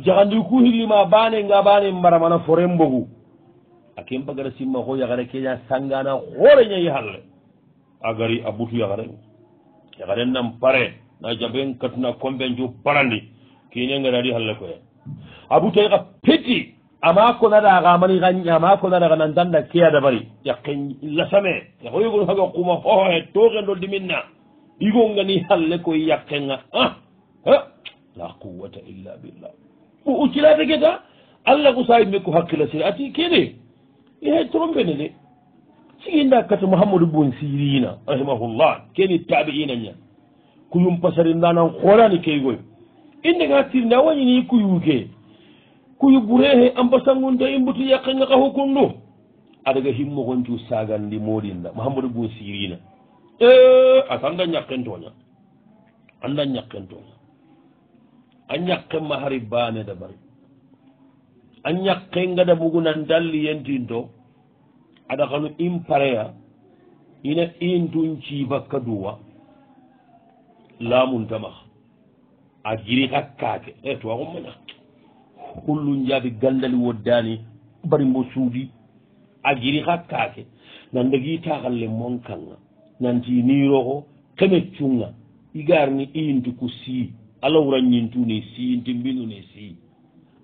jagandigu ku hillima bane nga bane mbaramana foren mbogu a ken bagara simma ho yagara keña sangana hooreñayi halle agari a butu yakaren yakaren nan pare na jaben katuna komben ju parandi kine ngara di halle ko en abutay ka peti ama ko na da ga mani ganya ama ko na da ga nan danda kiya da bari yakin illa same ya ko yugo ha ga kuma fo he to ga do diminna igo ngani halle ko yakin ha ah, ha la quwwata illa billah u utila de geta alla ko sai me ko hakila sir ati kene e he trombe ne le siinda kata mouhamadou bon sirina rahimahullah keni tabiina ña ko yum pasari nanan horani keygoy indega tirnde a wañini kuyuke kuyu burehe ambasangunta imbutu yakkanga ka hokundu adaga himmogoncu sagandi modinda mouhamadou bon sirina e ata anda ñakkentoña anda ñakkentoña a ñakkenma hari baane dabari a ñakkenga dabugunan dalli yentinto aɗa kano in pareya ina in tun cibakka duwa lamuntamah a giri hakkake e eh, towaxummana kullum jaabi gandali woddani barimbo suudi a giri hakkake nandagi taxalle mon kanga nanti niroxo keme cunga igarni iyinti ku sii alawuranñintune sii intimbinune sii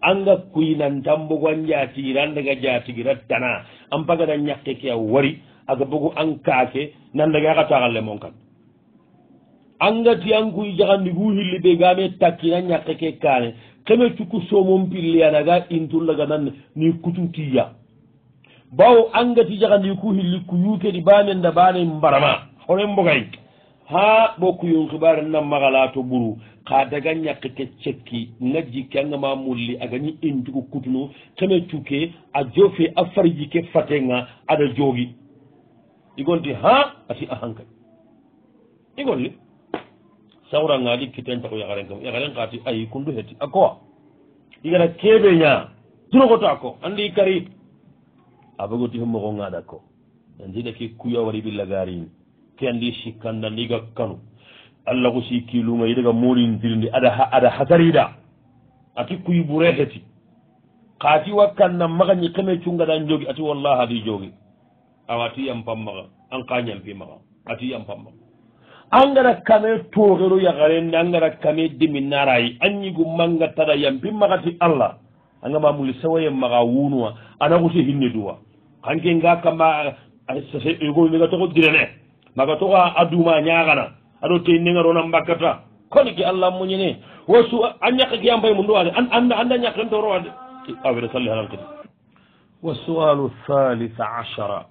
anga kuyinan tambo gwan jati randaga jati gira tana ampaga da nyakke kia wari aga bogo an kake nandaga aga taga le mongkan anga ti an kuy jagan ni guhi libe game takina nyakke ke kane kame chuku so mom pili anaga intul laga nan ni kutu tiya bawo anga ti jagan ni kuhi li kuyuke di bane nda bane mbarama hore mbogay ha bo kuyun khibar nan magala to buru xaa daga ñakkike cekki na jikke anga ma mulli agañi intugu kutunu keme cukke a jofe a farijike fatenga aɗa joogi igonti ha ati ahankay igolli sawrangaadi kiten taku yakarenkam yakaren kaati ayi kundu heti a koa igana keɓe ña tunogoto a ko andi kari a bogoti fo mogo ngaada ko andi daki kuyawari ɓillagaarini ke andi sikkanda ndiga kanu allah ko sikkiluga yiɗa ga morindirdi aɗa aɗa hasarida ati kuyburee heti ka ti wakkanna maga ñi keme cungaɗan jogi ati wallahi ati jogi awa ti yampan maga an ka ñampi maga ati yampan maga an gara kame togero yagarendi an gara kame diminarayi an ñigummanga tada yampi maga ti allah anga mamuli sawayen maga wunuwa ana guti hinni duwa kanke nga kamma ga togo direne maga togo a duma ñagana aɗo toye ndegarona mbakkata kono ki allah moñene wasu a ñakka ki yambay mo nduwade anda anda ñakken to rowade awede salli halal kadi wa sual thalitha achara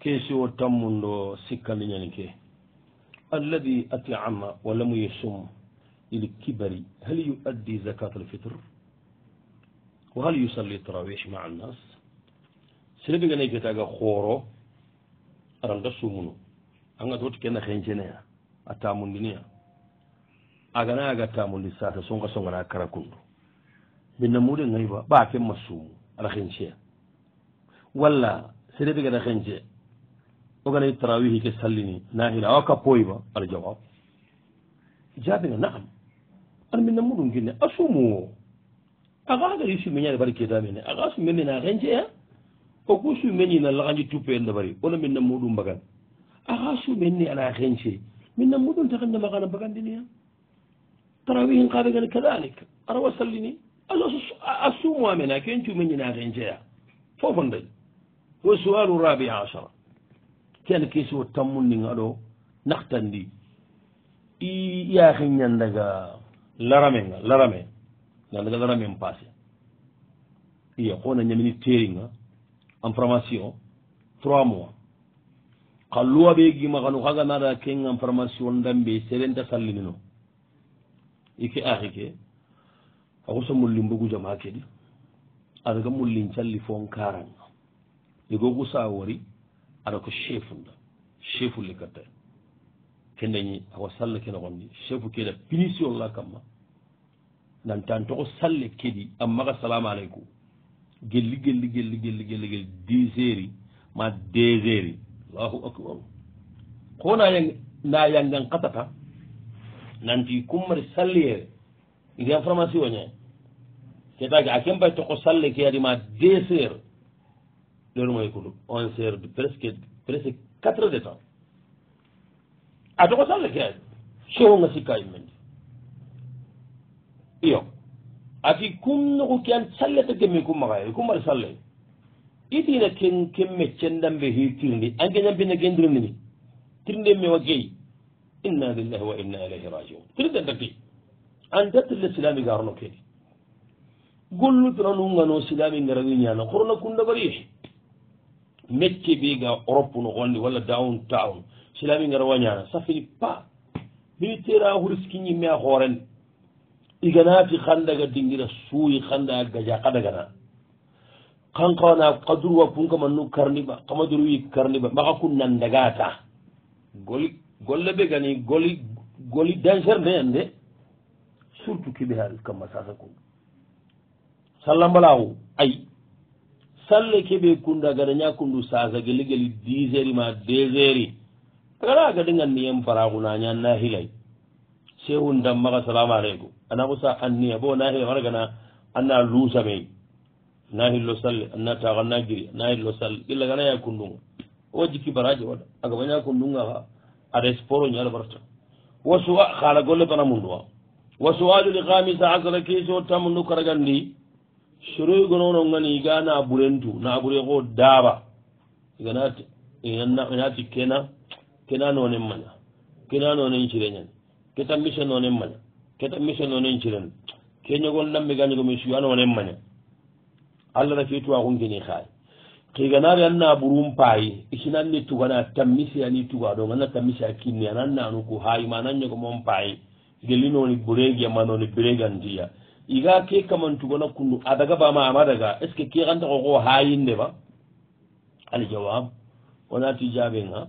keesi o tammundo sikkandiñani ke alladi atiama wa lamu yesum il kibari hal yuaddi zakat alfitre wa hal yusalli trawih maa annas sene ɓe ngana keta ga xooro aranga sumunu anga toti kena xencenea a tamundiniya agana aga tamundi sata songa songana kara kundu binna mude gayba ɓa femma suumu ara henceya walla sedeɓe gada hence oganayi trawihi ke sallini nahila awa kappoyiba ala jawab jaabiga naam ana minna muɗum kinne a suumu o aga agayi sumeñade bari keta mene aga sumemene a henceya o ku sumeñi na laganji tuppe en dabari wona minna muɗum bagan aga sumenni ala hence minnan muɗum tahannama kana bagandini yam tarawihin kaɓe gana kadalik arawa sallini alaa sumo amena ken cuumeñinaka en jeeya fofo ndañ wo suwalu rabi achara kene kesiwo tammundin aɗo naxtandi yaahin ñandaga laramenga larame ñandaga laramen passé iye kona ñamini teringa en formation trois mois xa luwaɓe gima xanu xaganaɗa kengan formation ndambe serenta sallinino i ke axi ke axu sa mullin bugu jama keɗi ada ga mullin calli fon karanga ligo gu sa wori ada ko chefunda chefu likata kendañi axa salla kene xonni chefu keda punition la kamma nantan toxo salle keɗi a maxa salamu aleykum gelli gelli gelli gelli gelli gelli dix heures ma dex heures allahu akbar ko nayangen katata nanti kummari salliyere ndi information ñe ketake a kembay toko salle ke adima deux heures lerumay kudu onze heure de presque presque quatre de temps a toko salle ke adi sowonga sikka yimmendi iyo ati kumnuku ke an salleta gemmi kummakaye kummari salleye idina ken kemme cendamɓe he tirni angeñambina gendirnini tirnde mi waggeyi inna lillahi wa inna ilayhi rajiun tirde dagge an dattirle silami garno kedi gollutiranungano silami garawi ñana horno kundagari yehe mecce be ga europe no gonde walla down town silami garawa ñana sa fini pa militaire a huriskiñimme a hoorende iganati xandaga dingira suuyi xanda gaja xadagana kankawana kaduruwa punka mannu karniba kamaduru wi karniba maka ku nandagata goli golle be gani goli goli danger ne yande surtout kibe hal kamma sasa ku sallambalawu ay salle kebe kunda gada nya kundu sasa geli geli dix heures ma deux heures kala ga dengan niyam farahu na nya na hilay sewu ndam maka salamu alaykum anabu sa anniya bo na hilay maragana anna lusa me na hillo salle anna taxa na giri na hillo salle ɓilla gana ya kundunga wo jikki baraje waɗa aga baña kundunga xa ada sport o ñaɗa barata wo suwa xala golle bana munduwa wo suwaju li xamisa asala keso tamundu karagandi sorui gonono ngani iga na burentu na bure xo daaba iganati kena kena nonen maña kena nonen cireñani keta mise nonen maña keta mise nonen cireni ke ñogon lambe gañogo mi suya nonen maña allah na fitu wangu ngini khai kai nari anna burun payi isinanni tugana tammisi ani tugado ngana tammisi akinni ananna anuku hayi mananya ko mon payi gelino ni buregi ya mano ni njia iga ke kaman tugana kundu adaga ba ma amadaga Eske ce nta kukua hai ko hayin ba al jawab wana ti jabe nga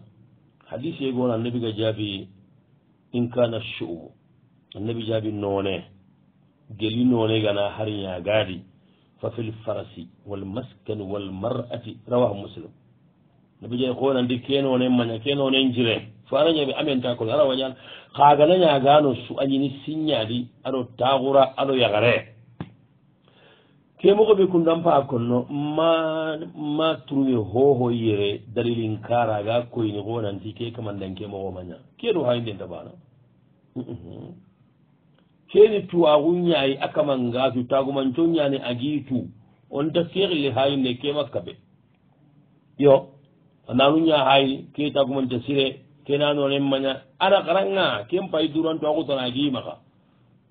hadisi go na nabi ga jabi in kana shu'u Nabi jabi none gelino ne gana har ya gadi fa fi lfarasi walmaskanu walmarati rawahu muslim nabi jeyi honandi kenone maña kenone jire fo ara ñaɓe amenta kolo ara wañan xaganañagano su añini signadi aɗo taxura aɗo yagare ke moxoɓe kundan fa konno ma ma trouve hoho yere dalilin karaga koyni xonanti ke kamandan ke moxo maña ke ɗo xayi ndentabana keni tuwaxuñayi a kama ngaasu tagumancoñane agiitu onta sekhli hayinne ke makka be yo anaanuña hayi ke tagumanta sire kenanonen maña ana xaranga ken pay durantuaxutana agimaxa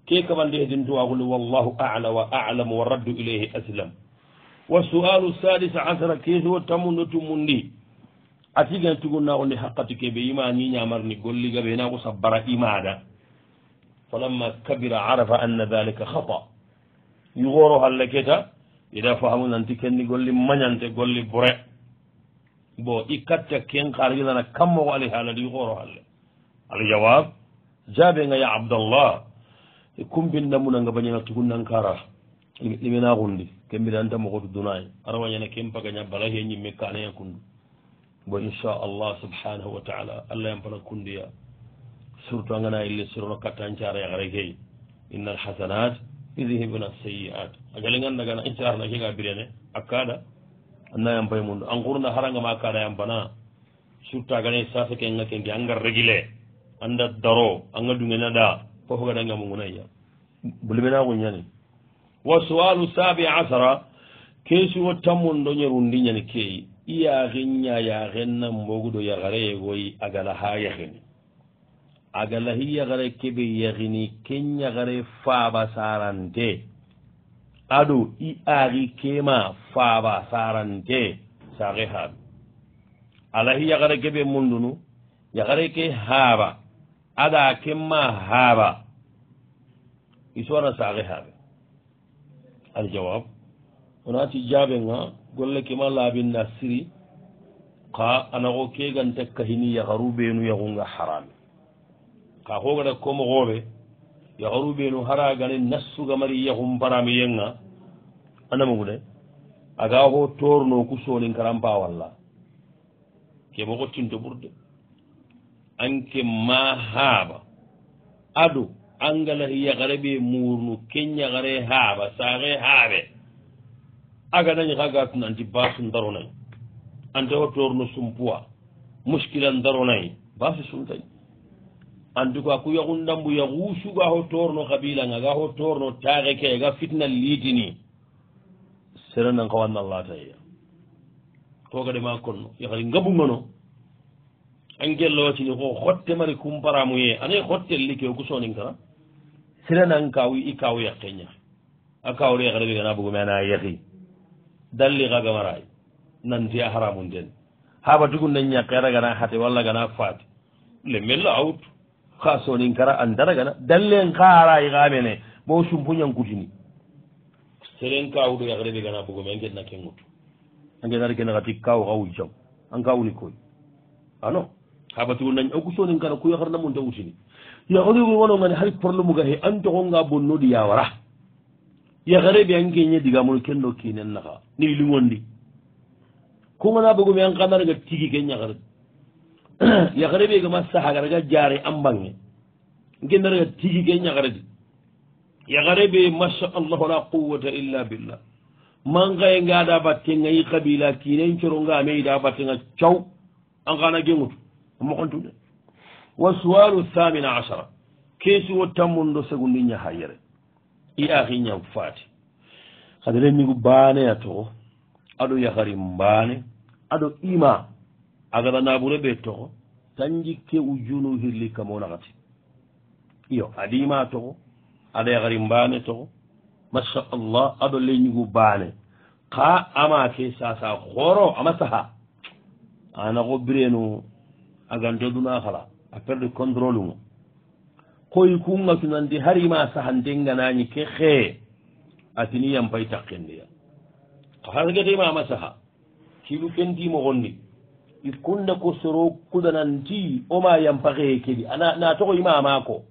ke kamandeedin tuwaxule wallahu ala wa alamu wa raddu ilayhi aslam wa sualu sadis asara keso tamundo tumundi a tigana tugunnaxunde haqqati ke be imaniñamarni golligabe naxu sabbara imaada فلما كبر عرف أن ذلك خطأ يغورو هل إذا فهمنا أنت كن يقول لي من أنت يقول لي بره بو إكتا كين خارج لنا كم هو عليه هل يغورو هل الجواب جابنا يا عبد الله كم بنا من أنك بنينا تكون نكارا لمنا غندي كم بنا أنت مغور الدناي أروي أنا كم بقى بلاهي يمكاني يكون وإن شاء الله سبحانه وتعالى الله ينبلغ كنديا surtout angana elle surno kattancara yahare key inna alhasanat yudhibuna asayiat a gale ganda gana incarna kega birene akkaɗa anna yampay e mundo an gurna haranga ma akkaɗa yampana surtout agane sase kenga kendi anga régulé anda daro anga dungena da fofo gadanga mugunaya bulimina kuñani wa sualu sabi asara ke suwo tammundo ñerundi ñani keyi iyaxin ñayaxen nan mbogudo yahareye goyi agala ha yaheni agalahi yagare kebe yagini kenyagare faba sarante ado i ari kema faba sarante sare haɓe alahi yagare kebe mundunu yagare ke haba aga kemma haba isuwana sare haɓe aljawab onati jaɓe ga golle kema labinda siri ka anago keganta kahini yagaru benu yagunga harame ka hogata komogoɓe yahoru ɓenu hara gani nassugamari yahum parami yenga anamugude aga ho torno kusolin karampa walla ke mogo tinto ɓurde anke ma haaba ado angalahi yagare ɓe murnu kenyagare haaba saare haaɓe aga nañi ha gatun anti basu daronayi ante o torno sumpoi muskila daronayi basu sumtañi en tout cas ku yaxundambu ya xuusu ga xotoorno xabilanga ga xotoorno taxe ke ga fitna liitini serenan xawanna latayya koga dema konno yaxari ngabungano angelowatini ko xotte mari cumparamuye ana xotte like ku soonin kana serenan kaw i kaw yaqeña a kawre yaxare wegana bugume ana yaxi dalli xagamaray nanti a haramun den haɓatugu na ñaqe ragana xate walla gana faate le mel aut ka sonin kara an daragana dallen kaara yigamene bo sumpu ñankutini seren kawudo yagrebe gana bogome angedna ke ngutu angenar ke nagati kaw gawu jam an kawuni koy ano habatigo nañ oku sonin kara ku yagarna mun ta utini yagrebe wono ngani hari probleme ga he an togonga bonno di yawara yagrebe ange ñe digamon kendo kinen naka ni lingondi kungana bogome an kanaraga tigi ke ñagarde [clears throat] yagare ɓe gama sahagaraga jaare ambange ginaraga tigi ke ñagaredi yagare ɓe machallahu la quwata illa billah mangaye ngada battenga i kabila kinen corongame ida battenga caw angana gengutu mogontude wa sualu thamine acara kesi wo tammundo segundi ñaha yere i ahi ñam faati hadere migu baneya togo aɗo yahari mbane aɗo ima a gata naɓure ɓe toxo tan jikke ujunu hirli kamo naxati iyo adima toxo aɗa yaxari mbaane toxo masha allah aɗo leñugu baane xa ama ke sasa xoro ama saha ana xo birenu a gante duna xala a perdu controle mo koy ku ngatunandi harima saxandengananñi ke xee atini yampay taqkendeya xa xa gexima ama saha kiɗu ken timoxondi i kunna ko soro kudananti oma yampakee keli ana natoko imama ko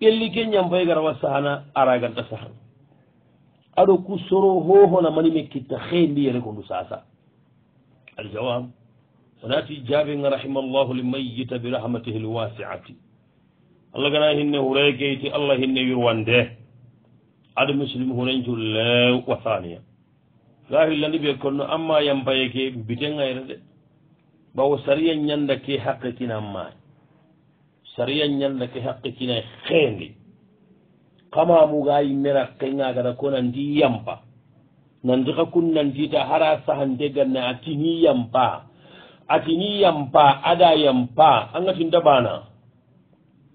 elli ke yampaye garawa sahana araganta sahan aɗo ku soro hohona manime kitta xeendi yere kondu sasa aljawab wonati jaabinga rahimallahu lmayita birahmatihi lwasiati allah gana hinne hurekeyti allah hinne wirwande aɗo muslim hunencu lew wa thaniya ga hillandi ɓe konno amma yampayeke biten ayre de bawo saria ñandake haqqe kinanma saria ñandake haqqe kinay xeende kamamuga yimmera kenga gata ko nandi yampa nandi xa kun nandita hara sahante ganna a tini yampa a tini yampa ada yampa a gatinta bana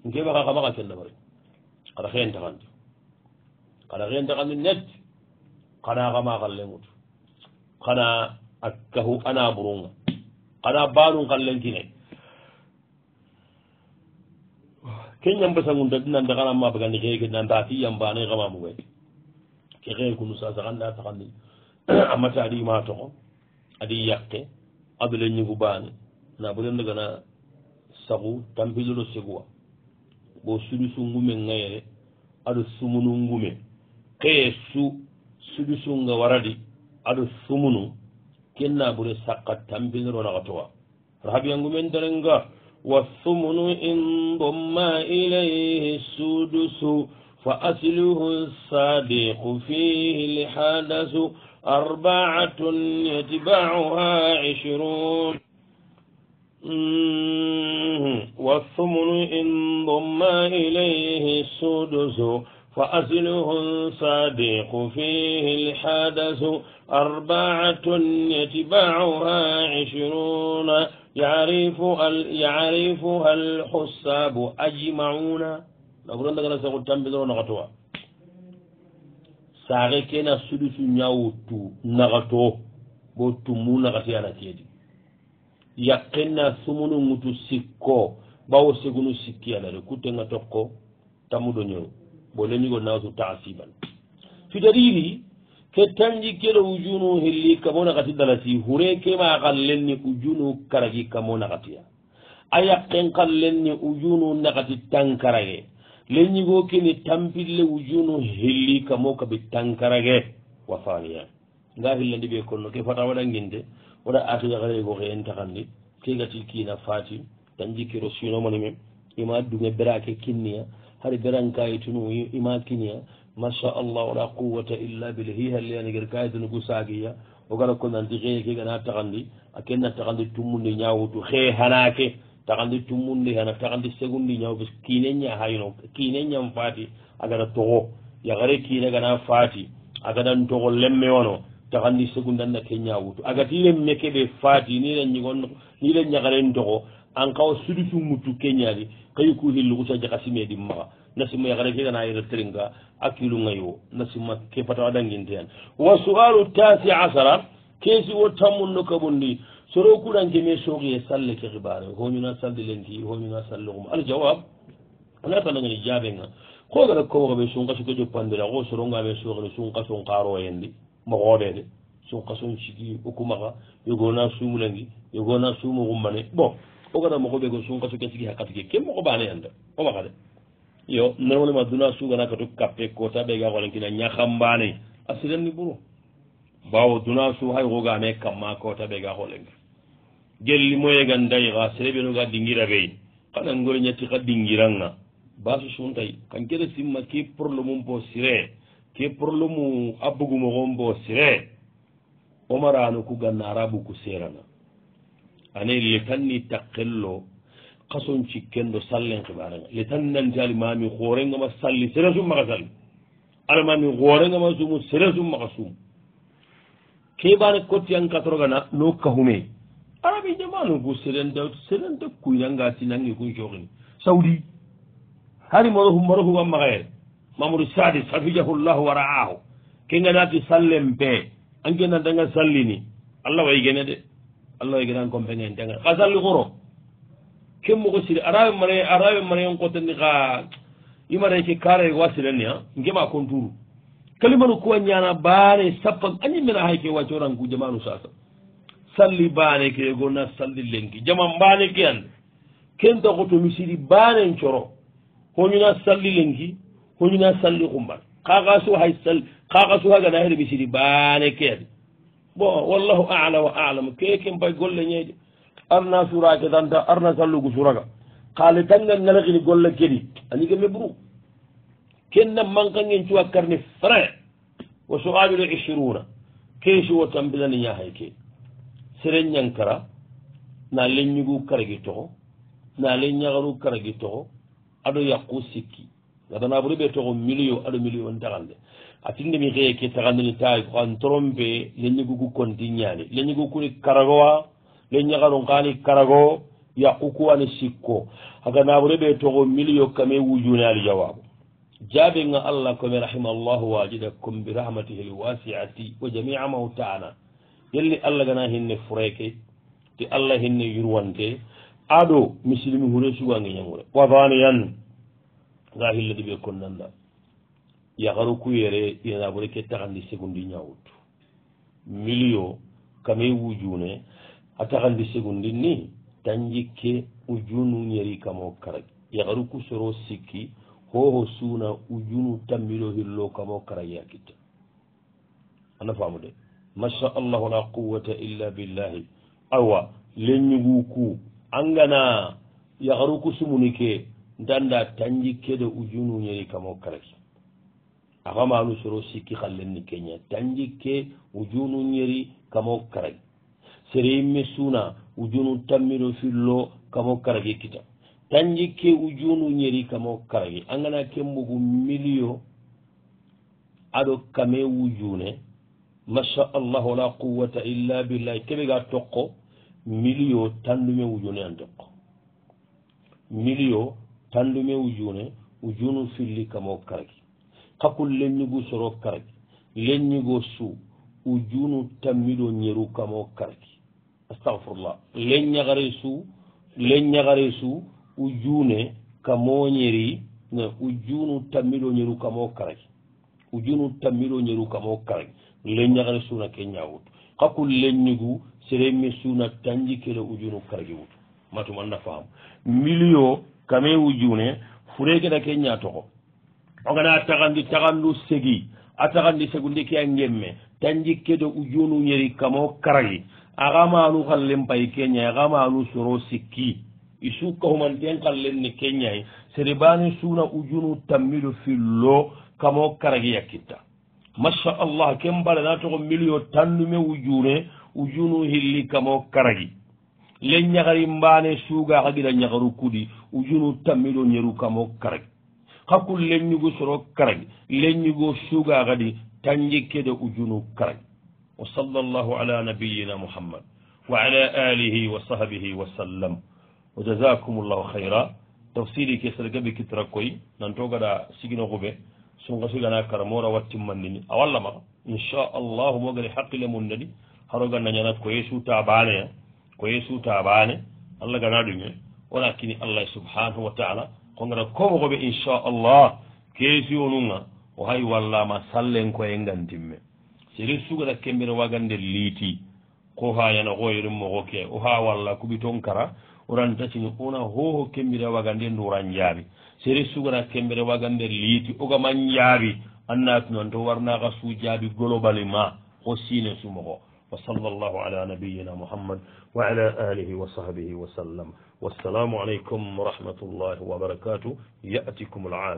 nke baka kamaka kenna bari kata xeen taxandi kata xeen taxandi net kana kama xallengutu xana a kahu ana burunga xana baanun xan lentine ke ñambasangunta dinande xana ma bagandi xee ke nanta ti yambane xama mugoy ke xee kunu sa saxanda saxandi [clears throat] a mata adi ma toxo adi yaqe abile ñigu baane na bo lenda gana saxu tampilolo segua bo sudisu ngume ngayere aɗo sumunu ngume xee su sudisu nga waradi adu sumunu kennaɓure sakka tampinironaxa towa rahabiyangumen darenga والثمن إن ضم إليه السدس فأسله الصادق فيه الحادث أربعة يتبعها عشرون والثمن إن ضم إليه السدس فأسله الصادق فيه الحادث أربعة يتبعها عشرون يعرف ال... يعرفها الحساب أجمعون لبرن دغنا سقول تنبذر نغتوا ساغي كينا سدس نيوتو نغتو بوتمو نغتي على تيدي يقنا ثمن متسكو باو سيغنو سيكي على ركوتنا توكو تمو دنيو بولنيغو ناسو تعصيبا في دليلي fettanji kele ujunu helli kamo nakati dalati hure kema kallenni ujunu karagi kamo nakatiya ayakken kallenni ujunu nakati tankarage lenyigo kini tampille ujunu helli kamo kabi tankarage wafaniya nga hillandi be konno ke fata wada nginde wada akhiyagarego en takandi kegati kina fati tanji kero sino manime ima dunge berake kinniya hari berankayi tunu ima kinniya machallah wala quwata illa bil hi halle anigir kayitini gusagiya o gara ko nanti xeeke gana taxandi a ken na taxandi tummundi ñawutu xee hanake taxandi tummundi hana taxandi segundi ñaw bis kiine ña hayno kiine ñam faati a gana toxo yaxare kiine gana faati a ganan toxo lemme wano taxandi segundan na ke ñawutu a gati lemme keɓe faati nira ñigo nira ñaxaren toxo an xaw sudutu muttu ke ñaadi xayi ku xillu xusa jaxasimeedin maxa nasimma yakara fegana yeto teringa akilu gayiwo nasimma ke pata adanginte hen wa sualu tasi asara keesi wo tammunno kabondi soro kuranke me sooki e salle ke hibare hoñuna salde lenki hoñuna salle kuma al jawab natanagani jaabenga ko gara komoɓe sunkaso ke joppandira ko sorongaɓe sokene sunkason karo yende mogoɗede sunkason sigi okumaka yogona sumulangi yogona sumu gummane bon o gara mogoɓe ko sunkaso ke sigi hakkati ke ke mogo bane yande omaka de yo nanolema duna sugana katu kappe kota ɓe ga golenkina ñahambane a sirenni ɓuro bawo duna su hay wogame kamma kota ɓe ga holenka gelli moyegan dayi xa sereɓenoga dingira ɓey xana ngore ñatti xa dingiranga basu suntay kan kede simma ke problème um bo sire ke problème a bugumoxon bo sire omarano ku gannara ɓuku serana ane le tan ni taqello kason cikkenɗo sallen kibarenga le tannantali mami horengama salli sere sum maka salli ala mami horengama sumu sere sum maka sumu kebane kotti an katorogana no kahume arabi jamanugu serenda serenda kuyranga si nangi kun sokini saudi hari moro humaro huwa magayere mamadou sadi safijahu llahu wa raahu kenganati sallen pe an kenantanga sallini allah wayigene de allah wayigene an kompegen tenga ka salli koro kemmoko siri arawe marayen arawe marayen kotani xa i maraye ke karare wa sirani a ngema contouru kalimanu kuwa ñana baane sappa añimmena hay ke wacco ranku jamanu sasa salli baane ke gona salli lenki jaman baane ke ande kenta xoto mi siri baanen coro hoñuna salli lenki hoñuna salli xumbat xaxasu hay sall xaxasu hagana hede mi siri baane ke ade bon wallahu alam wa alam ke kem bay golle ñeyde arna sura ke tanta arna sallugu suraga kale tanga ngalakini golla kedi anike me buru kenna mankangen cuwa karni frai wa suhabi le ishiruna kesi wa tambila ni nyahay ke sere nyankara na lenyugu karagi toho na lenyagaru karagi toho ado yaku siki gadana buri be toho milio ado milio ntagande atinde mi xeye ke taxandini taay ko an trompe leñigugu konti ñaani leñigu kuni karagowa len ñagarun kani karago yakuku ani sikko aga naɓure ɓe togo milliyo kame wujune ali jawabu jaabe ga allah kome rahimallahu wajida kom bi rahmatihi lwasiati wa jamia mautana yalli allah gana hinne fureke te allah hinne yurwante ado misilimi hure sugange ñangure wadaniyan ga hilladi ɓe konnanda yakaru ku yere ina naɓure ke tagandi segundi ñawut milliyo kame wujune a taxandi segundin ni tanjikke ujunu ñeri kamo karag yaxaru kusoro sikki hoho suuna ujunu tambiro hillo kamo karag ya kitta ana faamu de masha allahu la quwata illa billahi awa lenñugu ku angana yaxaru kusumuni ke ndanda tanjikke de ujunu ñeri kamo karag afamanu soro sikki xallen ni keña tanjikke ujunu ñeri kamo karag sere yimme suuna ujunu tammiro fillo kamo karage kita tanji ke ujunu ñeri kamo karage angana kembugu milio aɗo kame ujune masha allah wala quwata illa billahi keɓe ga tokko milio tandume ujune an tokko milio tandume ujune ujunu filli kamo karage hakku lenñigu soro karage lenñigo suu ujunu tammiɗo ñeru kamo karage astahfirullah len ñagare su len ñagare su u juune kamoñeri u juunu tammiɗo ñeru kamo karay u juunu tammiɗo ñeru kamo karay len ñagare suuna ke ñawutu hakku lenñigu seremi suuna tanji kele u juunu karagi wutu matumanna faam milio kame u juune furegena ke ñatoxo ogana taxandi taxandu segi a taxandi segundi ke a ngemme tanji kede u juunu ñeri kamo karagi axamanu xallen pay keñay axamanu soro sikki i su kahumanten xallen ne keñay seribani suna ujunu tammilu fillo kamo karagiya kitta masha allah ken barana toxo milio tannume ujune ujunu hilli kamo karagi len ñaxari mbane suga xa gida ñaxaru kudi ujunu tammilo ñeru kamo karagi xa kun len ñugu soro karagi len ñugo suga xadi tanjikke de ujunu karagi wa sallallahu ala nabiyina muhammad wa ala alihi wa sahbihi wa sallam wa jasakumullahu hayra tafsiri ke sere gaɓe kitra koye nanto gaɗa sigino huɓe sunga sigana kara mora wattimmandini a wallama inchallah mo gari haqile mum nadi haro gandañanat ko yesu tabane ko yesu tabane allah gana ɗume wona kini allah subhanahu wa taala ko gara komohoɓe inchallah keesi onunga o hay wallama sallen koye gantimme sérif sugata kembere wagander liiti ko ha yana hoyeɗum mogo ke o ha walla kuɓi toon kara oran tacini ona hoho kembire wagander nduran jaabi sérif sugata kembere wagander liiti ogaman jaabi annatunan to warnaka su jaabi globally ma ho sine sumogo wa sall llahu ala nabiyina mouhammad wa ala alihi wa sahbihi wa sallam wassalamu aleykum wa rahmatullahi wa barakatu yatikum lafi